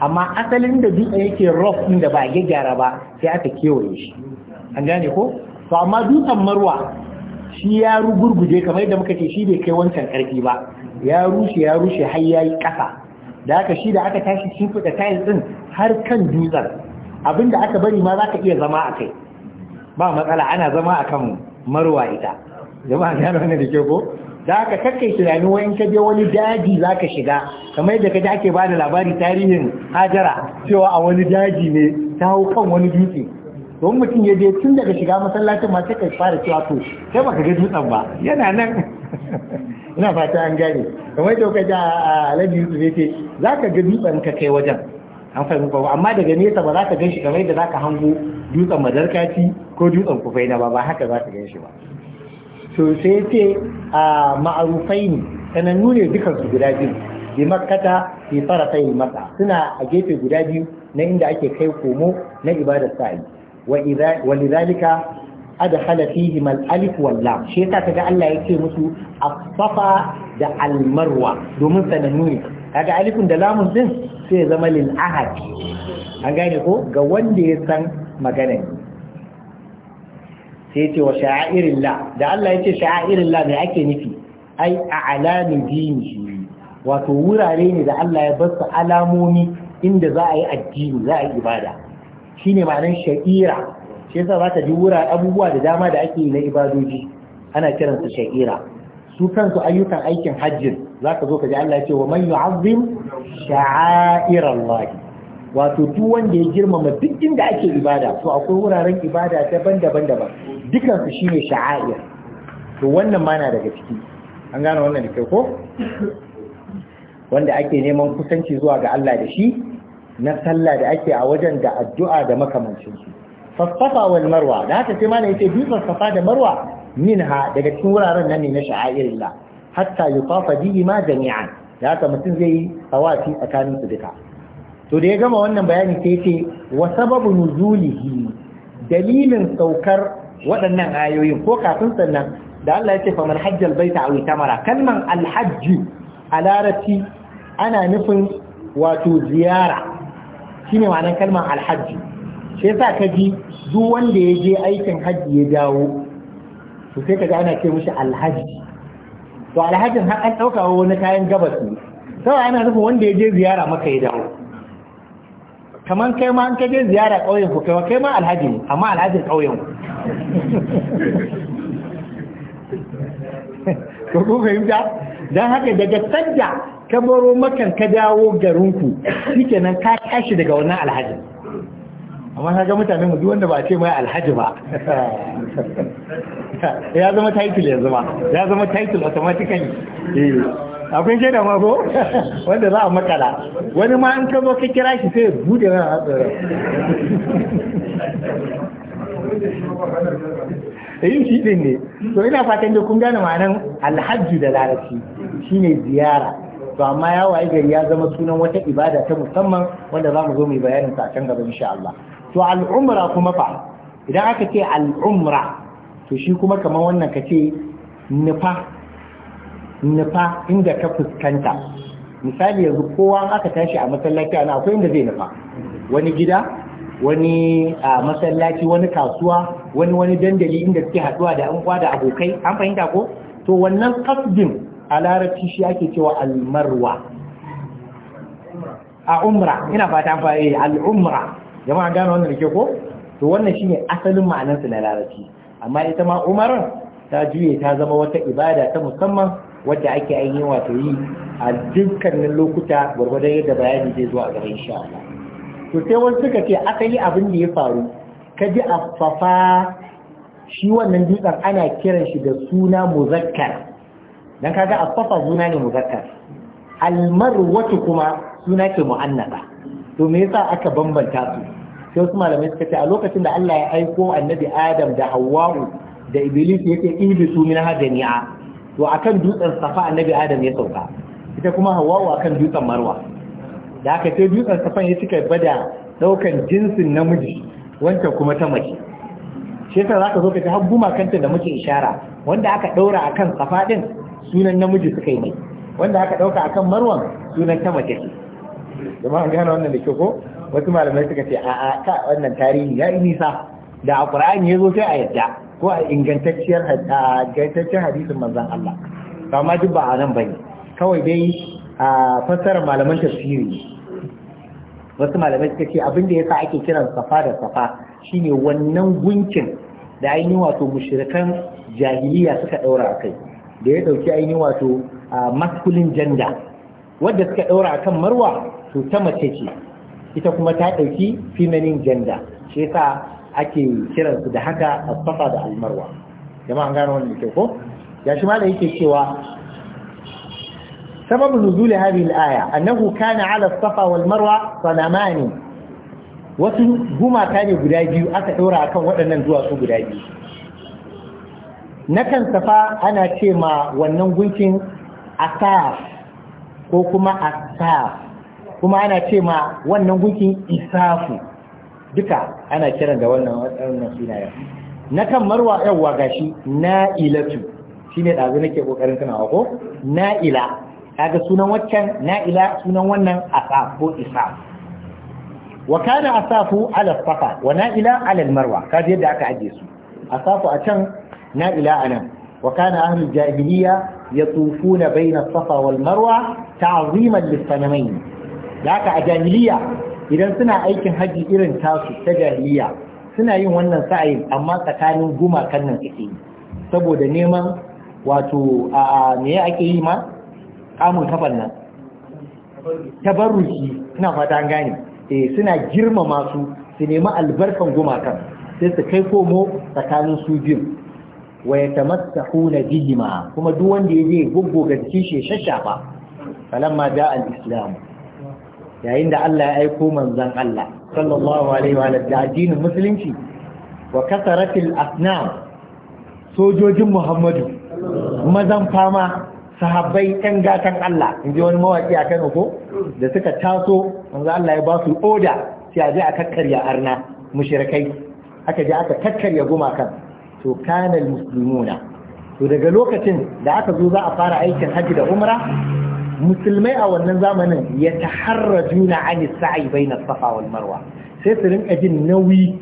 amma asalin da dutsen yake rough din da ba gyara ba sai aka kewaye shi an gane ko to amma dutsen marwa shi ya rugurguje kamar yadda muka ce shi bai kai wancan karfi ba ya rushe ya rushe har yayi kasa da aka shi da aka tashi shi fita tiles din har kan dutsen da aka bari ma zaka iya zama a kai ba matsala ana zama akan marwa ita jama'a gane wannan da ke ko da ka kakai tunanin wayan ka je wani daji za ka shiga kamar yadda ka ake ba da labari tarihin hajara cewa a wani daji ne ta hau kan wani dutse don mutum ya je tun daga shiga masallacin ma sai fara cewa to sai baka ga dutsen ba yana nan ina fata an gane kamar yadda ka ji a alhaji yusuf ya ce za ka ga dutsen ka kai wajen an fahimta ba amma daga nesa ba za ka gan shi kamar yadda za ka hango dutsen madarkaci ko dutsen kufai na ba ba haka za ka gan shi ba to sai ce a ma'arufai ne sanannu ne dukansu guda biyu bi makkata bi farafai maka suna a gefe guda biyu na inda ake kai komo na ibadar sa'i wa lidhalika adkhala fihi mal alif wal lam shi yasa kaga Allah yake musu afafa da almarwa domin sanannu ne kaga alifun da lamun din sai zama lil ahad an gane ko ga wanda ya san magana ne sai ce wa la. da Allah ya ce la mai ake nufi ai a'lami dini wato wurare ne da Allah ya bar su alamomi inda za a yi addini za a yi ibada shine ma'anar sha'ira shi yasa zaka ji wurare abubuwa da dama da ake yi na ibadoji ana kiransa sha'ira su kansu ayyukan aikin hajjin zaka zo ka ji Allah ya ce wa man yu'azzim sha'airallahi wato duk wanda ya girmama duk inda ake ibada to akwai wuraren ibada daban-daban daban dukansu shine sha'air to wannan ma na daga ciki an gane wannan da kai ko wanda ake neman kusanci zuwa ga Allah da shi na sallah da ake a wajen da addu'a da makamancin su fasfafa wal marwa da haka sai mana yace duk safa da marwa minha daga cikin wuraren nan ne na sha'airillah hatta yuqafa bihi ma jami'an da haka mutum zai yi awafi tsakanin su duka to da ya gama wannan bayani sai ce wa sababu nuzulihi dalilin saukar waɗannan ayoyin ko kafin sannan da Allah ya ce fa man hajjal baita aw tamara kalman alhajji a larabci ana nufin wato ziyara shine ma'anar kalman alhajji sai sa ka ji duk wanda ya je aikin hajji ya dawo to sai ka ga ana ce mishi alhaji to alhajin har an ɗauka wani kayan gabas ne saboda ana nufin wanda ya je ziyara maka ya dawo kamar kai ma an ka je ziyara ƙauyen ku kai kai ma alhaji ne amma alhajin ƙauyen ku ku fahimta don haka daga sanda ka baro makan ka dawo garinku nan ka tashi daga wannan alhaji amma ka ga mutane mu duk wanda ba a ce mai alhaji ba ya zama title yanzu ba ya zama title automatically eh. akwai shaida ma ko wanda za a makala wani ma an ka ka kira shi sai bude nan hatsara yin eh, shi din ne to ina fatan da kun gane ma'anan alhajju da larabci shine ziyara to amma ya waye gari ya zama sunan wata ibada ta musamman wanda za mu zo mu yi bayanin sa can gaba insha Allah to al'umra kuma fa idan aka ce al'umra to shi kuma kamar wannan kace nufa nufa inda ka fuskanta misali yanzu kowa aka tashi a masallaci ana akwai inda zai nufa wani gida wani a masallaci wani kasuwa wani wani dandali inda suke haduwa da an da abokai an fahimta ko to wannan kasbin a larabci shi ake cewa almarwa a umra ina fata an fara eh, al'umra jama'a gano wannan da ke ko to wannan shine asalin ma'anarsa na larabci amma ita ma umar ta juye ta zama wata ibada ta musamman wadda ake ainihin wato yi a dukkanin lokuta gwargwadon yadda bayani zai zuwa gaba insha Allah to sai wasu suka ce yi abin da ya faru ka ji fafa shi wannan dutsen ana kiran shi da suna muzakkar dan kaga fafa suna ne muzakkar almarwatu kuma suna ce mu'annasa to me yasa aka bambanta su sai wasu malamai suka ce a lokacin da Allah ya aiko annabi Adam da Hawwa'u da Iblis yake ibisu min ha to akan dutsen safa annabi adam ya sauka ita kuma a akan dutsen marwa da aka ce dutsen safan ya cika bada daukan jinsin namiji wancan kuma ta mace shi yasa zaka zo ka ji habbuma kanta da muke ishara wanda aka daura akan safa din sunan namiji suka yi wanda aka dauka akan marwan sunan ta mace ce jama'a gane wannan da ke ko wasu malamai suka ce a'a ka wannan tarihi ya yi nisa da a ƙura'ani ya zo sai a yadda ko a ingantacciyar hadisun hadisin manzan Allah ma duk ba a nan bane kawai dai a fassarar malaman tafsiri wasu malamai suka ce abin da sa ake kiran safa da safa shine wannan gunkin da ainihin wato mushrikan jahiliya suka daura kai, da ya ɗauki ainihin wato masculine gender wadda suka daura akan marwa to ta mace ce ita kuma ta ɗauki feminine gender shi yasa ake kiransu da haka a safa da Almarwa. jama jama'a an gano wannan ko ya shi malai yake cewa sababin nuzul hadi al'aya annahu kana ala as-safa wal marwa sanamani wasu gumaka ne guda biyu aka daura akan waɗannan su guda biyu nakan safa ana ce ma wannan gunkin asaf ko kuma asaf kuma ana ce ma wannan gunkin isafu duka ana kiran da wannan wannan sunayen na kan marwa yawwa gashi na'ilatu shine dazu nake kokarin tunawa ko na'ila kaga sunan waccan na'ila sunan wannan asaf ko isaf wa kana asafu ala safa wa na'ila ala marwa kaje yadda aka aje su asafu a can na'ila anan wa kana ahlul jahiliya yatufuna bayna safa wal marwa ta'ziman lis sanamain da aka a jahiliya idan suna aikin haji irin tasu ta jahiliya suna yin wannan sa'ayin amma tsakanin gumakan nan suke yi saboda neman wato a me ake yi ma kamun kafan nan tabarruki suna fata an gane eh suna girmama su su nemi albarkan gumakan sai su kai komo tsakanin su biyu wa yatamassahu bihima kuma duk wanda ya je goggo ga cikin shi shashafa falamma da al-islam yayin da Allah ya aiko manzon Allah sallallahu alaihi wa sallam da addinin musulunci wa kasaratil asnam sojojin Muhammadu mazan fama sahabbai ɗan gatan Allah inji wani mawaƙi a Kano ko da suka taso manzo Allah ya ba su oda sai a je a kakkarya arna mushrikai aka je aka kakkarya gumakan to musulmuna muslimuna to daga lokacin da aka zo za a fara aikin hajji da umra musulmai a wannan zamanin ya taharraju juna an sa'i bai na safa marwa sai su rinka jin nauyi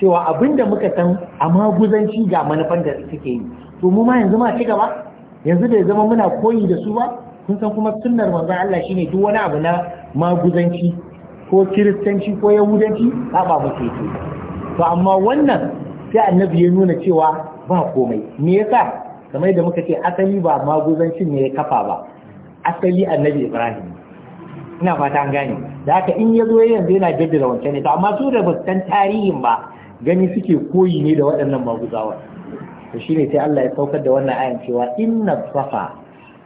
cewa abinda muka san a maguzanci ga manufan da suke yi to mu ma yanzu ma ci gaba yanzu ya zama muna koyi da su ba kun san kuma sunnar manzon Allah shine duk wani abu na maguzanci ko kiristanci ko yahudanci ba ba muke yi to amma wannan sai annabi ya nuna cewa ba komai me yasa kamar da muka ce asali ba maguzancin ne ya kafa ba asali annabi ibrahim ina fata an gane da haka in ya zo yanzu yana jaddada wancan ne to amma su da bastan tarihin ba gani suke koyi ne da waɗannan maguzawa to shine sai Allah ya saukar da wannan ayan cewa inna safa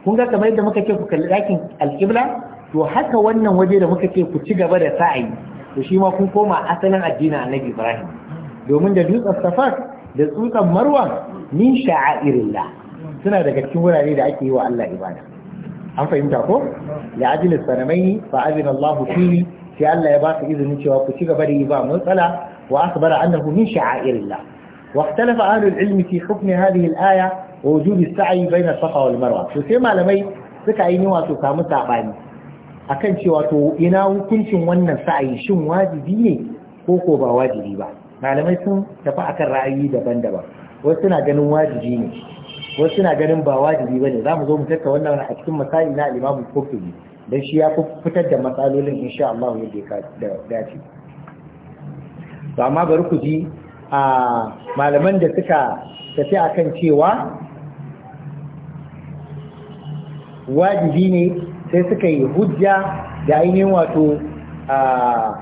kun ga kamar yadda muka ce ku kalli dakin alƙibla to haka wannan waje da muka ce ku ci gaba da sa'ayi to shi ma kun koma asalin addinin Annabi Ibrahim domin da dutsen safar da dutsen marwan min sha'airillah suna daga cikin wurare da ake yi wa Allah ibada an fahimta ko la ajlis sanamai fa azina Allahu fihi sai Allah ya ba su izinin cewa ku ci gaba da yi ba matsala wa akhbara annahu min sha'airillah wa ikhtalafa ahlul ilmi fi hukmi hadhihi al-aya wa wujub as-sa'i bayna safa wal marwa to sai malamai suka yi ni wato samu sabani akan cewa to ina hukuncin wannan sa'ayi shin wajibi ne ko ko ba wajibi ba malamai sun tafi akan ra'ayi daban-daban wasu suna ganin wajibi ne wasu na ganin ba wajibi bane za mu zo mu tattauna wannan a cikin misali na Imam Qurtubi dan shi ya fitar da matsalolin insha Allah yadda ya dace to amma bari ku ji a malaman da suka tafi akan cewa wajibi ne sai suka yi hujja da ainihin wato a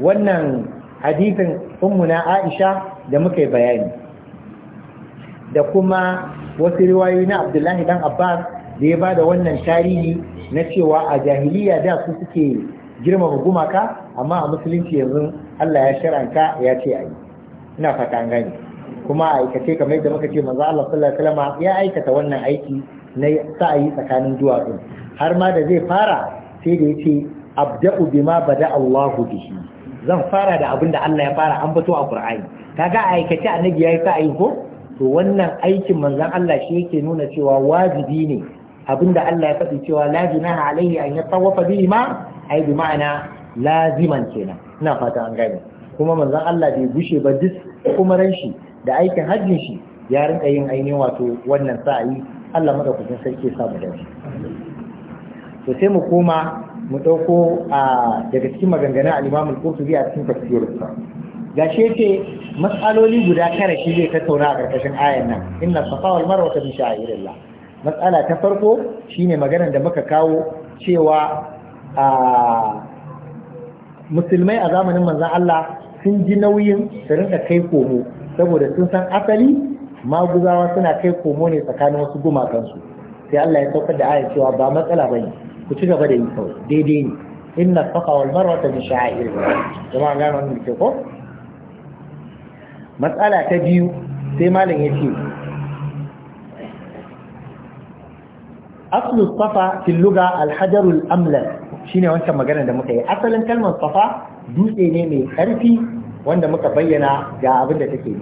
wannan hadisin na Aisha da muka yi bayani da kuma wasu riwayoyi na abdullahi dan abbas da ya bada wannan tarihi na cewa a jahiliya da su suke girmama gumaka amma a musulunci yanzu allah ya shiranka, ya ce a yi ina fata an gani kuma a aikace kamar yadda muka ce manzo allah sallallahu alaihi wasallam ya aikata wannan aiki na sa'ayi tsakanin duwatsu har ma da zai fara sai da yace abda'u bima bada allahu bihi zan fara da abin da Allah ya fara an fito a Qur'ani kaga a aikace annabi yayi ka ayi ko to wannan aikin manzon Allah shi yake nuna cewa wajibi ne abin da Allah ya faɗi cewa la jinaha alaihi an yatawafa bihi ma ai bi ma'ana laziman kenan ina fata an gane kuma manzon Allah bai gushe ba duk umaran shi da aikin hajjin shi ya rinka yin ainihin wato wannan sa'ayi Allah madaukakin sarki ya samu dace to sai mu koma mu ɗauko a daga cikin maganganun al'imamul qurtubi a cikin tafsirinsa ya yake matsaloli guda kare shi zai tattauna a ƙarƙashin ayan nan inna safa wal marwa ta bisha matsala ta farko shine maganar da muka kawo cewa a musulmai a zamanin manzon Allah sun ji nauyin su rinka kai komo saboda sun san asali maguzawa suna kai komo ne tsakanin wasu gumakansu sai Allah ya saukar da ayan cewa ba matsala bane ku ci gaba da yi kawai daidai ne inna safa wal marwa ta min sha'air jama'a gano wannan ke ko matsala ta biyu sai malam ya ce aslu safa fil lugha al shine wancan magana da muka yi asalin kalmar safa dutse ne mai karfi wanda muka bayyana ga abin da take yi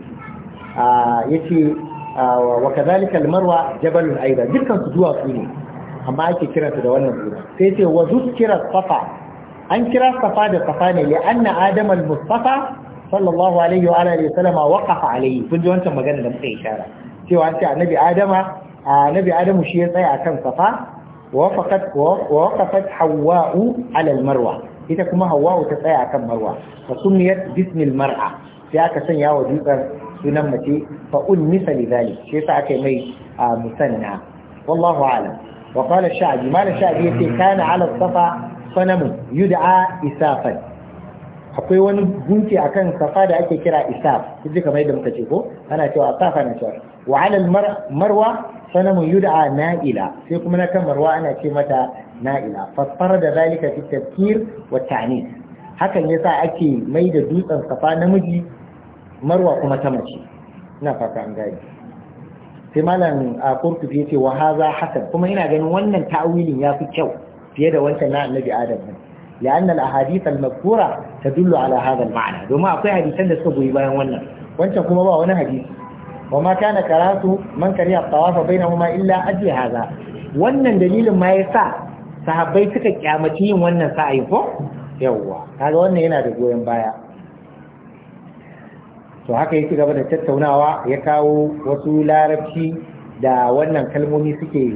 ah, yace ah, wa kadhalika al marwa jabalun aida dukkan su duwatsu ne amma ake kiransa da wannan suna sai ce wa zukira safa an kira safa da safa ne li anna adam al mustafa sallallahu alaihi wa alihi wa sallama waqafa alaihi kun ji wancan magana da muka ishara cewa an ce annabi adama annabi adamu shi ya tsaya akan safa wa waqafat wa waqafat hawwa'u ala al marwa ita kuma hawwa'u ta tsaya akan marwa fa sumiyat bismil mar'a sai aka sanya wa dutsen sunan mace fa unnisa lidhalik sai aka yi mai musanna wallahu a'lam وقال الشعبي ما الشعبي كان على الصفا صنم يدعى إسافا akwai wani gunki akan safa da ake kira isaf kuji kamar yadda muka ce ko ana cewa safa na cewa wa marwa sanamun yud'a na'ila sai kuma na kan marwa ana ce mata na'ila fasfar da zalika fi tafkir wa ta'nis hakan yasa ake mai da dutsen safa namiji marwa kuma ta mace ina fata an gani sai malam a kurtubi ya ce wa haza hasan kuma ina ganin wannan ta'awilin ya fi kyau fiye da wancan na annabi adam ne la'anna al-ahadith al-mazkura tadullu ala domin akwai hadisan da suka goyi bayan wannan wancan kuma ba wani hadisi wa ma kana karatu man kariya tawaf bainahuma illa ajiye haza, wannan dalilin ma yasa sahabbai suka kyamaci yin wannan sa'ayi ko yawwa kaga wannan yana da goyon baya to haka ya ci gaba da tattaunawa ya kawo wasu larabci da wannan kalmomi suke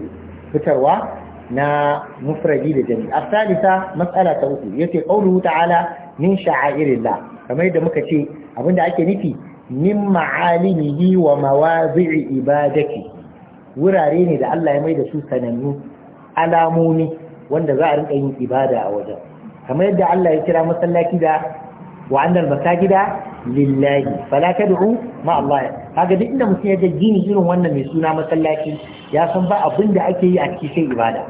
fitarwa na mufradi da jami'a asalisa matsala ta uku yace qauluhu ta'ala min sha'airillah kamar yadda muka ce abinda ake nufi min ma'alimihi wa mawazi'i ibadati wurare ne da Allah ya mai da su sanannu alamomi wanda za a rinka yin ibada a wajen kamar yadda Allah ya kira masallaci da wa'annan masajida lillahi fala tad'u ma Allah kaga duk inda mutum ya ga gini irin wannan mai suna masallaci ya san ba abin ake yi a cikin sai ibada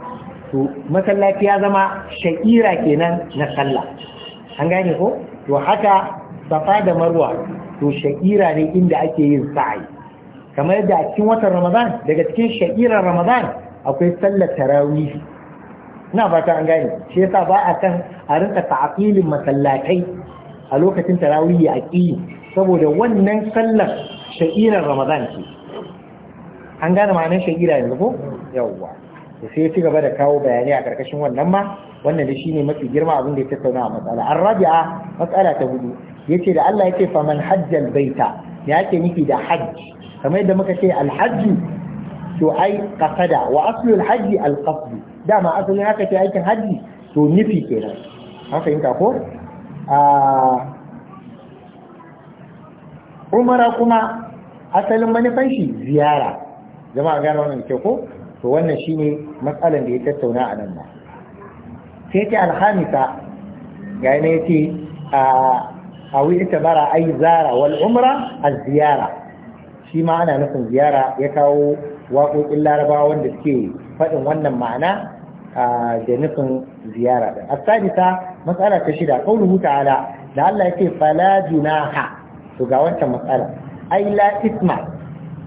masallaci ya zama sha'ira kenan na sallah an gane ko to haka safa da marwa to sha'ira ne inda ake yin sa'i kamar yadda a cikin watan ramadan daga cikin sha'irar ramadan akwai sallar tarawih ina fata an gane shi yasa ba a kan a rinka ta'aqilin masallatai a lokacin tarawih a aqiyi saboda wannan sallar sha'irar ramadan ce an gane ma'anar sha'ira yanzu ko yawwa da sai ya ci gaba da kawo bayanai a karkashin wannan ma wannan da shine mafi girma abin da ya tattauna a matsala an rabi'a matsala ta hudu yace da Allah ya ce faman hajjal baita ya ake nufi da hajji kamar yadda muka ce alhajji to ai qasada wa aslul hajji alqasd dama asalin haka ce aikin hajji to nufi kenan an fahimta ko umara kuma asalin manufan shi ziyara jama'a gane wannan ke ko to wannan shine matsalan da ya tattauna a nan ma sai ta alhamisa ga ne ce a awi itabara ay zara wal umra a ziyara shi ma ana nufin ziyara ya kawo waƙoƙin larabawa wanda suke faɗin wannan ma'ana da nufin ziyara da asadisa matsala ta shida rubuta ala da Allah ce fala junaha to ga wancan matsala ai la isma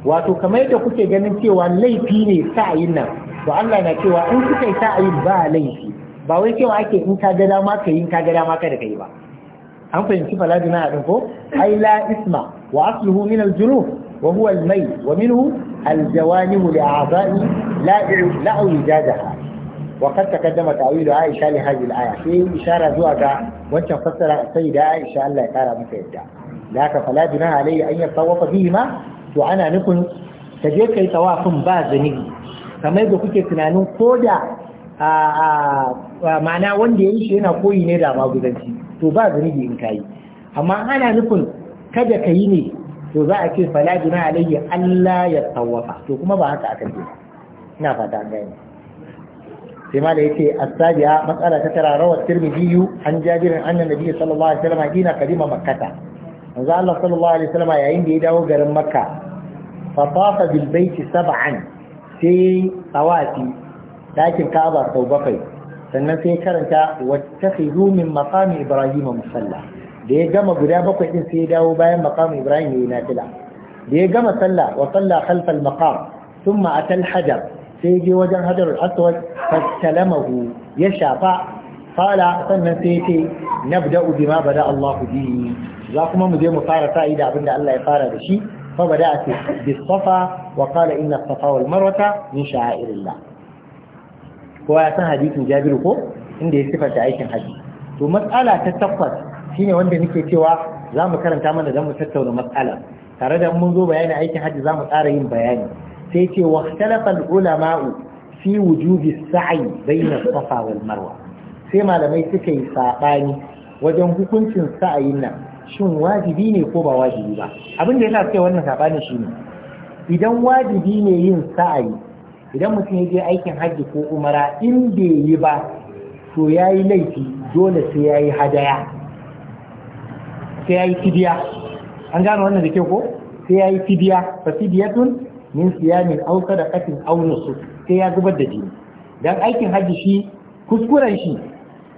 wato kamar yadda kuke ganin cewa laifi ne sa'ayin nan to Allah na cewa in kuka yi sa'ayin ba laifi ba wai cewa ake in ka ga dama ka yi in ka ga dama ka da ba an fahimci fala junaha din ko ai la isma wa asluhu min al-junub wa huwa al wa minhu al-jawanib li a'dha'i la وقد تقدم تعويل عائشة لهذه الآية في إشارة زوجة وانشان فسر السيدة عائشة ألا يقارى متعدة لك فلا بناء عليه أن يتطوف بهما وأنا نكن تجيك يتواف بازني كما يدو كي تنانو كودا معنى وان دي إيش هنا كوي نيدا ما بذنشي تو بازني دي إنكاي أما أنا نكن كدا كيني تو ذا أكيد فلا بناء عليه ألا يتطوف تو كما بها تأكد ina fata gani sai ma ce yace as-sabi'a matsala ta tara rawar tirmidhi an jabirin anna nabiy sallallahu alaihi wasallam dina kadima makkata manzo Allah sallallahu alaihi wasallam yayin da ya dawo garin makka fa tafa bil bayt sab'an sai tawafi dakin ka'aba sau bakwai sannan sai karanta wattakhidhu min maqami ibrahima musalla da ya gama guda bakwai din sai ya dawo bayan maqami ibrahim yayin nafila da ya gama sallah wa salla khalfal maqam thumma atal hajar sai je wajen hajar aswad fastalamahu ya shafa fala sannan sai ce nabda bima bada Allahu bihi za kuma mu je mu fara sa'i da abinda Allah ya fara da shi fa bada bis-safa wa qala inna as-safa wal marwa min sha'irillah kowa ya san hadisin Jabir ko inda ya sifata aikin haji to matsala ta tabbas shine wanda nake cewa za mu karanta mana dan mu tattauna matsala tare da mun zo bayani aikin haji za mu tsara yin bayani sai ce wa talafal ulama'u fi wujubi sa'i bainar safa wal marwa sai malamai suka yi saɓani wajen hukuncin sa'ayin nan shin wajibi ne ko ba wajibi ba abin da yasa sai wannan saɓani shine idan wajibi ne yin sa'ayi idan mutum ya je aikin hajji ko umara in bai yi ba to yayi laifi dole sai yayi hadaya sai yayi fidiya an gano wannan da ke ko sai yayi fidiya fa fidiyatun min siyamin aw sadaqatin aw su sai ya zubar da jini dan aikin haji shi kuskuren shi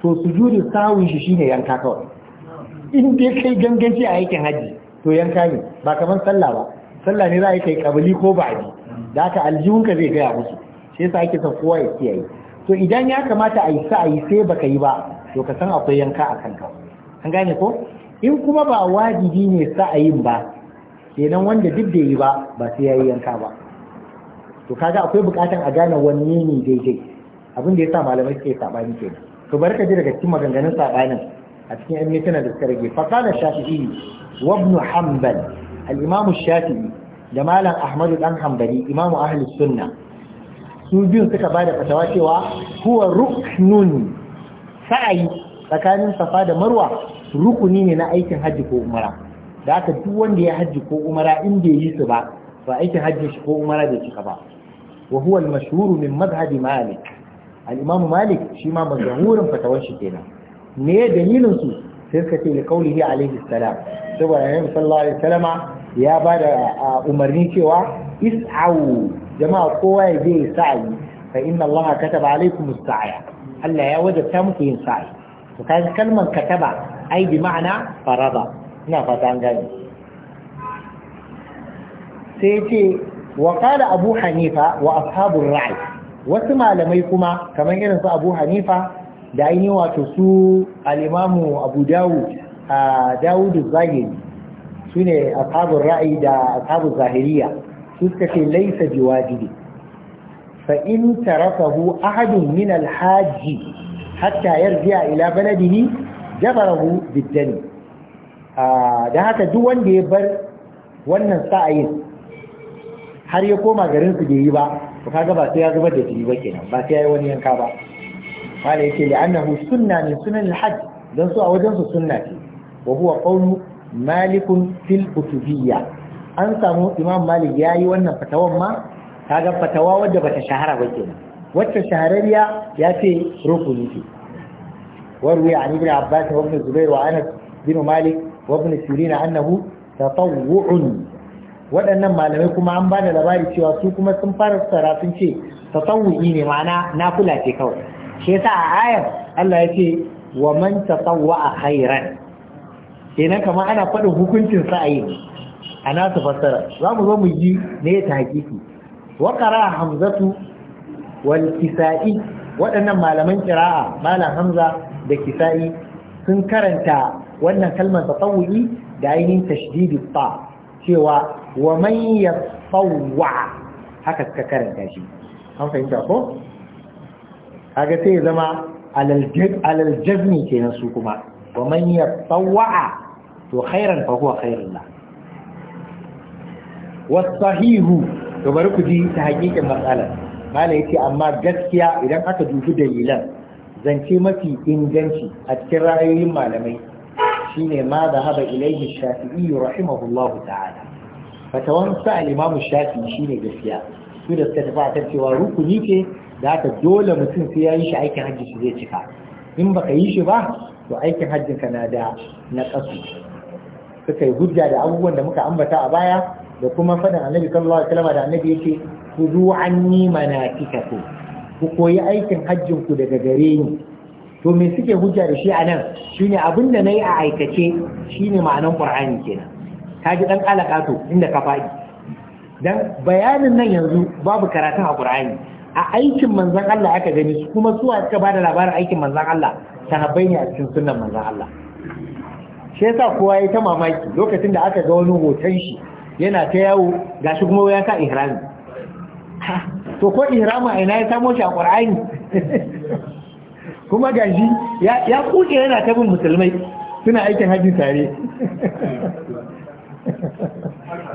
to sujudi sawun shi shine yanka kawai in dai kai ganganci a aikin haji to yanka ne ba kaman sallah ba sallah ne za a kai kabali ko ba'adi da aljihun ka zai gaya musu sai yasa ake son kowa ya kiyaye to idan ya kamata a yi sa a sai baka yi ba to ka san akwai yanka a kanka an gane ko in kuma ba wajibi ne sa a ba kenan wanda duk da yi ba ba sai yayi yanka ba to kaga akwai bukatan a gane wanne ne daidai abin da yasa malamai suke sabani ke to barka ji daga cikin maganganun sabanin a cikin ɗan mintuna da suka rage fa kana shafi'i wa ibn hanbal al-imam shafi'i da malam ahmadu dan hanbali imam ahli sunna su biyu suka bada fatawa cewa huwa ruknun sa'i tsakanin safa da marwa rukuni ne na aikin hajji ko umara da haka duk wanda ya hajji ko umara in bai yi su ba ba aikin hajji shi ko umara bai cika ba wa huwa al-mashhur min madhhab malik al-imam malik shi ma mazhurin fatawar shi kenan me dalilin su sai suka ce liqaulihi alaihi salam saboda annabi sallallahu alaihi wasallama ya da umarni cewa is'au jama'a kowa ya je sa'i fa inna allaha kataba alaikum as-sa'a Allah ya wajabta muku yin sa'i to kaga kalmar kataba ai bi ma'ana farada ina fata an gane sai ce wa abu hanifa wa ashabun ra'i wasu malamai kuma kamar irin su abu hanifa da ainihin wato su Alimamu abu dawud a dawud zahiri su ne ashabur ra'i da ashabur zahiriya su suka ce laisa biwajibi fa in tarakahu ahadun min al-haji hatta yarji'a ila baladini jabarahu biddani da haka duk wanda ya bar wannan sa'ayin har ya koma garin su bai yi ba to kaga ba sai ya zubar da jini ba kenan ba sai ya yi wani yanka ba mala yake li annahu sunna min sunan al don dan su a wajen su sunna ce wa huwa qawlu malik fil kutubiyya an samu imam malik yayi wannan fatawan ma kaga fatawa wadda bata shahara ba kenan wacce shahararriya ya ce rukuni ce وروي عن ابن عباس وابن الزبير وانس بن Malik. wa ibn sirin annahu tatawwu'un waɗannan malamai kuma an ba da labari cewa su kuma sun fara tsara sun ce tatawwu'i ne ma'ana nafila ce kawai shi yasa a ayar Allah ya ce wa man tatawwa'a khairan kenan kamar ana faɗin hukuncin sa'ayi ne a nasu fassara za mu zo mu ji ne ta hakiki wa qara hamzatu wal waɗannan malaman kira'a malam hamza da kisa'i sun karanta wannan kalmar tatawu'i da ainihin tashdidi ta cewa wa man yatawwa haka suka karanta shi an fahimta ko kaga sai ya zama alaljazmi kenan su kuma wa man yatawwa to khairan fa huwa khairun la wasahihu to bari ku ji ta hakikin matsalar mala amma gaskiya idan aka dubi dalilan zance mafi inganci a cikin ra'ayoyin malamai shine ma da haɗa ilaihi shafi'i rahimahullahu ta'ala fatawan sa al shafi shi shine gaskiya su da suka tafi a cewa rukuni ce da haka dole mutum sai ya yi shi aikin hajji su zai cika in baka yi shi ba to aikin hajjin ka na da na kasu suka yi hujja da abubuwan da muka ambata a baya da kuma faɗin annabi sallallahu alaihi wasallam da annabi yake kudu anni manatikakum ku koyi aikin hajjin ku daga gare ni to me suke hujja da shi a nan shine abin da nayi a aikace shine ma'anan qur'ani kenan kaji dan alaka inda ka faɗi dan bayanin nan yanzu babu karatun a qur'ani a aikin manzon Allah aka gani su kuma su aka bada labarin aikin manzon Allah sahabbai ne a cikin sunnan manzon Allah shi yasa kowa ya ta mamaki lokacin da aka ga wani hoton shi yana ta yawo gashi kuma waya sa ihrami to ko ihrama ina ya samo shi a qur'ani kuma gashi ya ya kuke yana ta bin musulmai suna aikin hajji tare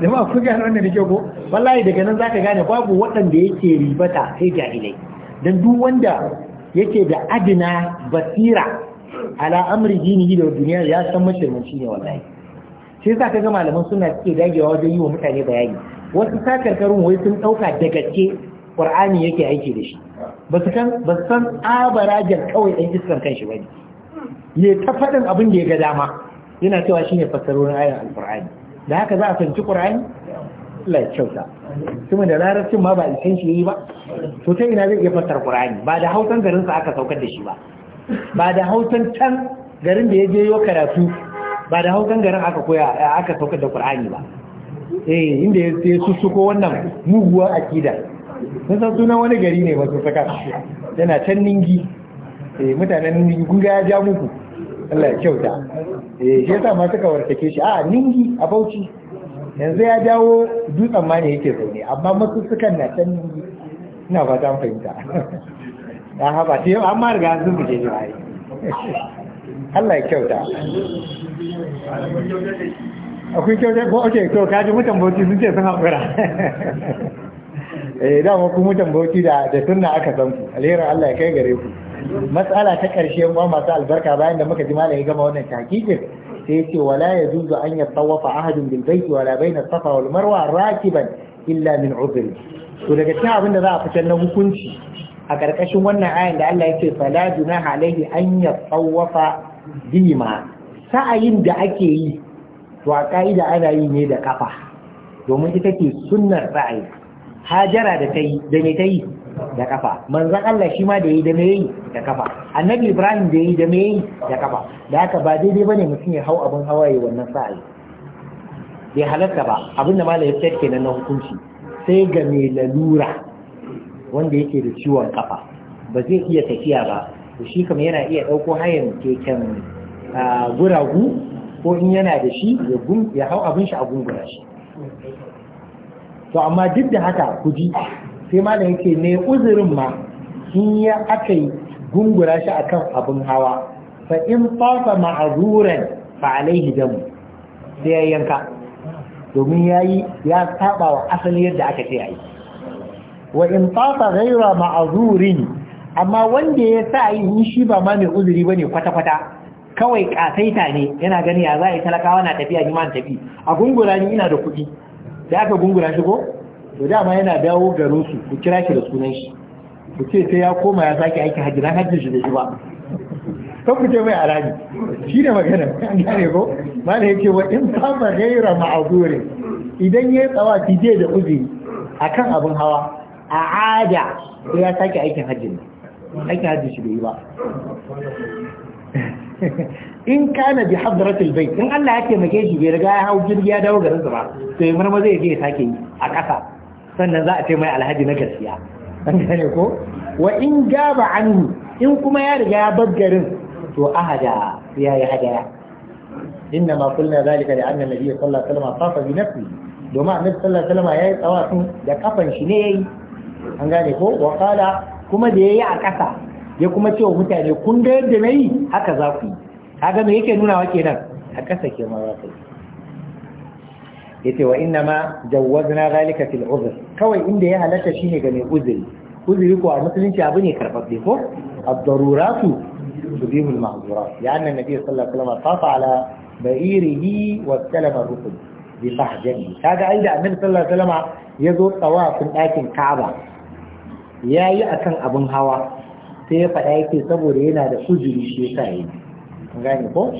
jama'a ku ga wannan da ke ko wallahi daga nan zaka gane babu waɗanda yake ribata sai jahilai dan duk wanda yake da adina basira ala amri dinihi da duniya ya san shi ne wallahi shi yasa kaga malaman suna cike dagewa wajen yi wa mutane bayani wasu sakarkarun wai sun dauka da gaske qur'ani yake aiki da shi ba su kan ba san abarajar kawai ɗan iskan kanshi bane ya ta faɗin abin da ya ga dama yana cewa shine fassarorin ayar alƙur'ani da haka za a sanci ƙur'ani? lai kyauta kuma da larabcin ma ba isan shi yi ba to ta ina zai iya fasar ƙur'ani. ba da hausan garinsa aka saukar da shi ba ba da hausan can garin da ya je yau karatu ba da hausan garin aka koya aka saukar da ƙur'ani ba eh inda ya sussuko wannan muguwar akida sun san sunan wani gari ne ba su saka yana can ningi eh mutanen ningi kun ga ya ja muku Allah ya kyauta eh shi yasa ma suka wartake shi a ningi a Bauchi yanzu ya dawo dutsen ma ne yake zaune amma masu suka na can ningi ina fata an fahimta ya haba sai amma riga an zubuce ne bai Allah ya kyauta akwai kyauta ko ake to kaji mutan bauchi sun ce sun haƙura eh dama kuma mutan bauchi da da sunna aka san ku alherin Allah ya kai gare ku matsala ta karshe mu masu albarka bayan da muka ji malam ya gama wannan takikin sai yace wala yajuzu an yatawafa ahadun bil bayt wala bayna safa wal marwa rakiban illa min udhr to daga cikin abin da za a fitar na hukunci a karkashin wannan ayan da Allah ce, fala na alaihi an yatawafa bima sa'ayin da ake yi to a ka'ida ana yi ne da kafa domin ita ce sunnar ra'ayi hajara da kai da me ta yi da kafa manzan Allah shi ma da yi da me yi da kafa annabi Ibrahim da yi da me yi da kafa da haka ba daidai bane mutum ya hau abin hawaye wannan sa'ai bai halatta ba abin da malam ya fitar kenan na hukunci sai ga me lalura wanda yake da ciwon kafa ba zai iya tafiya ba to shi kamar yana iya ɗauko hayan keken ah, guragu ko in yana da shi ya hau abin shi a gungura shi to amma duk da haka ku sai malam yake ne uzurin ma in ya aka yi gungura shi akan abin hawa fa in fasa ma'azuran fa alaihi damu sai ya yanka domin ya yi ya saba wa asali yadda aka ce yi wa in fasa ghaira ma'azurin amma wanda ya sa yi in shi ba ma mai uzuri bane kwata-kwata kawai kasaita ne yana gani ya za a yi talakawa na tafiya ni ma tafi a gungura ni ina da kuɗi da aka gungura shi ko to dama yana dawo garo su ku kira shi da sunan shi ku ce sai ya koma ya sake aiki hajji na hajji shi da shi ba kan ku ce mai alaji shi ne magana an gane ko mana yake wa in saba gaira ma'azuri idan ya tsawa ki je da a akan abin hawa a ada sai ya sake aikin hajji ne aikin hajji shi da yi ba in kana bi hadratul bait in Allah ya taimake shi bai riga ya hau jirgi ya dawo garin ba to yamar ma zai je ya sake yi a ƙasa sannan za a ce mai alhaji na gaskiya an gane ko wa in gaba anhu in kuma ya riga ya bar garin to ahada ya yi hadaya inna ma kulna zalika da annan nabi sallallahu alaihi wasallam safa bi nafsi domin annabi sallallahu alaihi wasallam yayi tsawafin da kafan shi ne yayi an gane ko wa qala kuma da yayi a ƙasa ya kuma ce wa mutane kun ga yadda na yi haka za ku yi kaga me yake nuna wa kenan a ƙasa ke ma za ku yi yace wa inna ma jawwazna zalika fil uzr kawai inda ya halatta shine ga mai uzuri uzuri ko a musulunci abu ne karbabbe ko ad-daruratu tubihu al-mahzurat ya anna nabiy sallallahu alaihi wasallam tafa ala ba'irihi wa sallama ar-rukn bi sahjihi kaga ai da annabi sallallahu alaihi wasallam ya zo tsawafin ɗakin Ka'aba Ya yi a kan abin hawa sai ya faɗa yake saboda yana da uzuri shi ya sa yi gane ko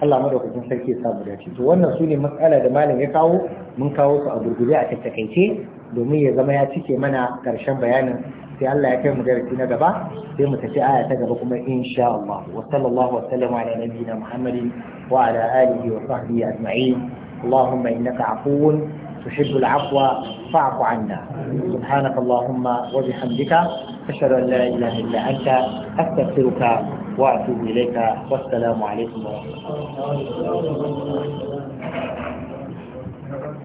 Allah madaukakin sarki ya samu dace to wannan su ne matsala da malam ya kawo mun kawo su a gurgure a tattakaice domin ya zama ya cike mana karshen bayanin sai Allah ya kai mu darasi na gaba sai mu tafi aya ta gaba kuma insha Allah wa sallallahu wa sallama ala nabiyyina Muhammadin wa ala alihi wa sahbihi ajma'in اللهم انك عفو تحب العفو فاعف عنا سبحانك اللهم وبحمدك أشهد أن لا إله إلا أنت أستغفرك وأتوب إليك والسلام عليكم ورحمة الله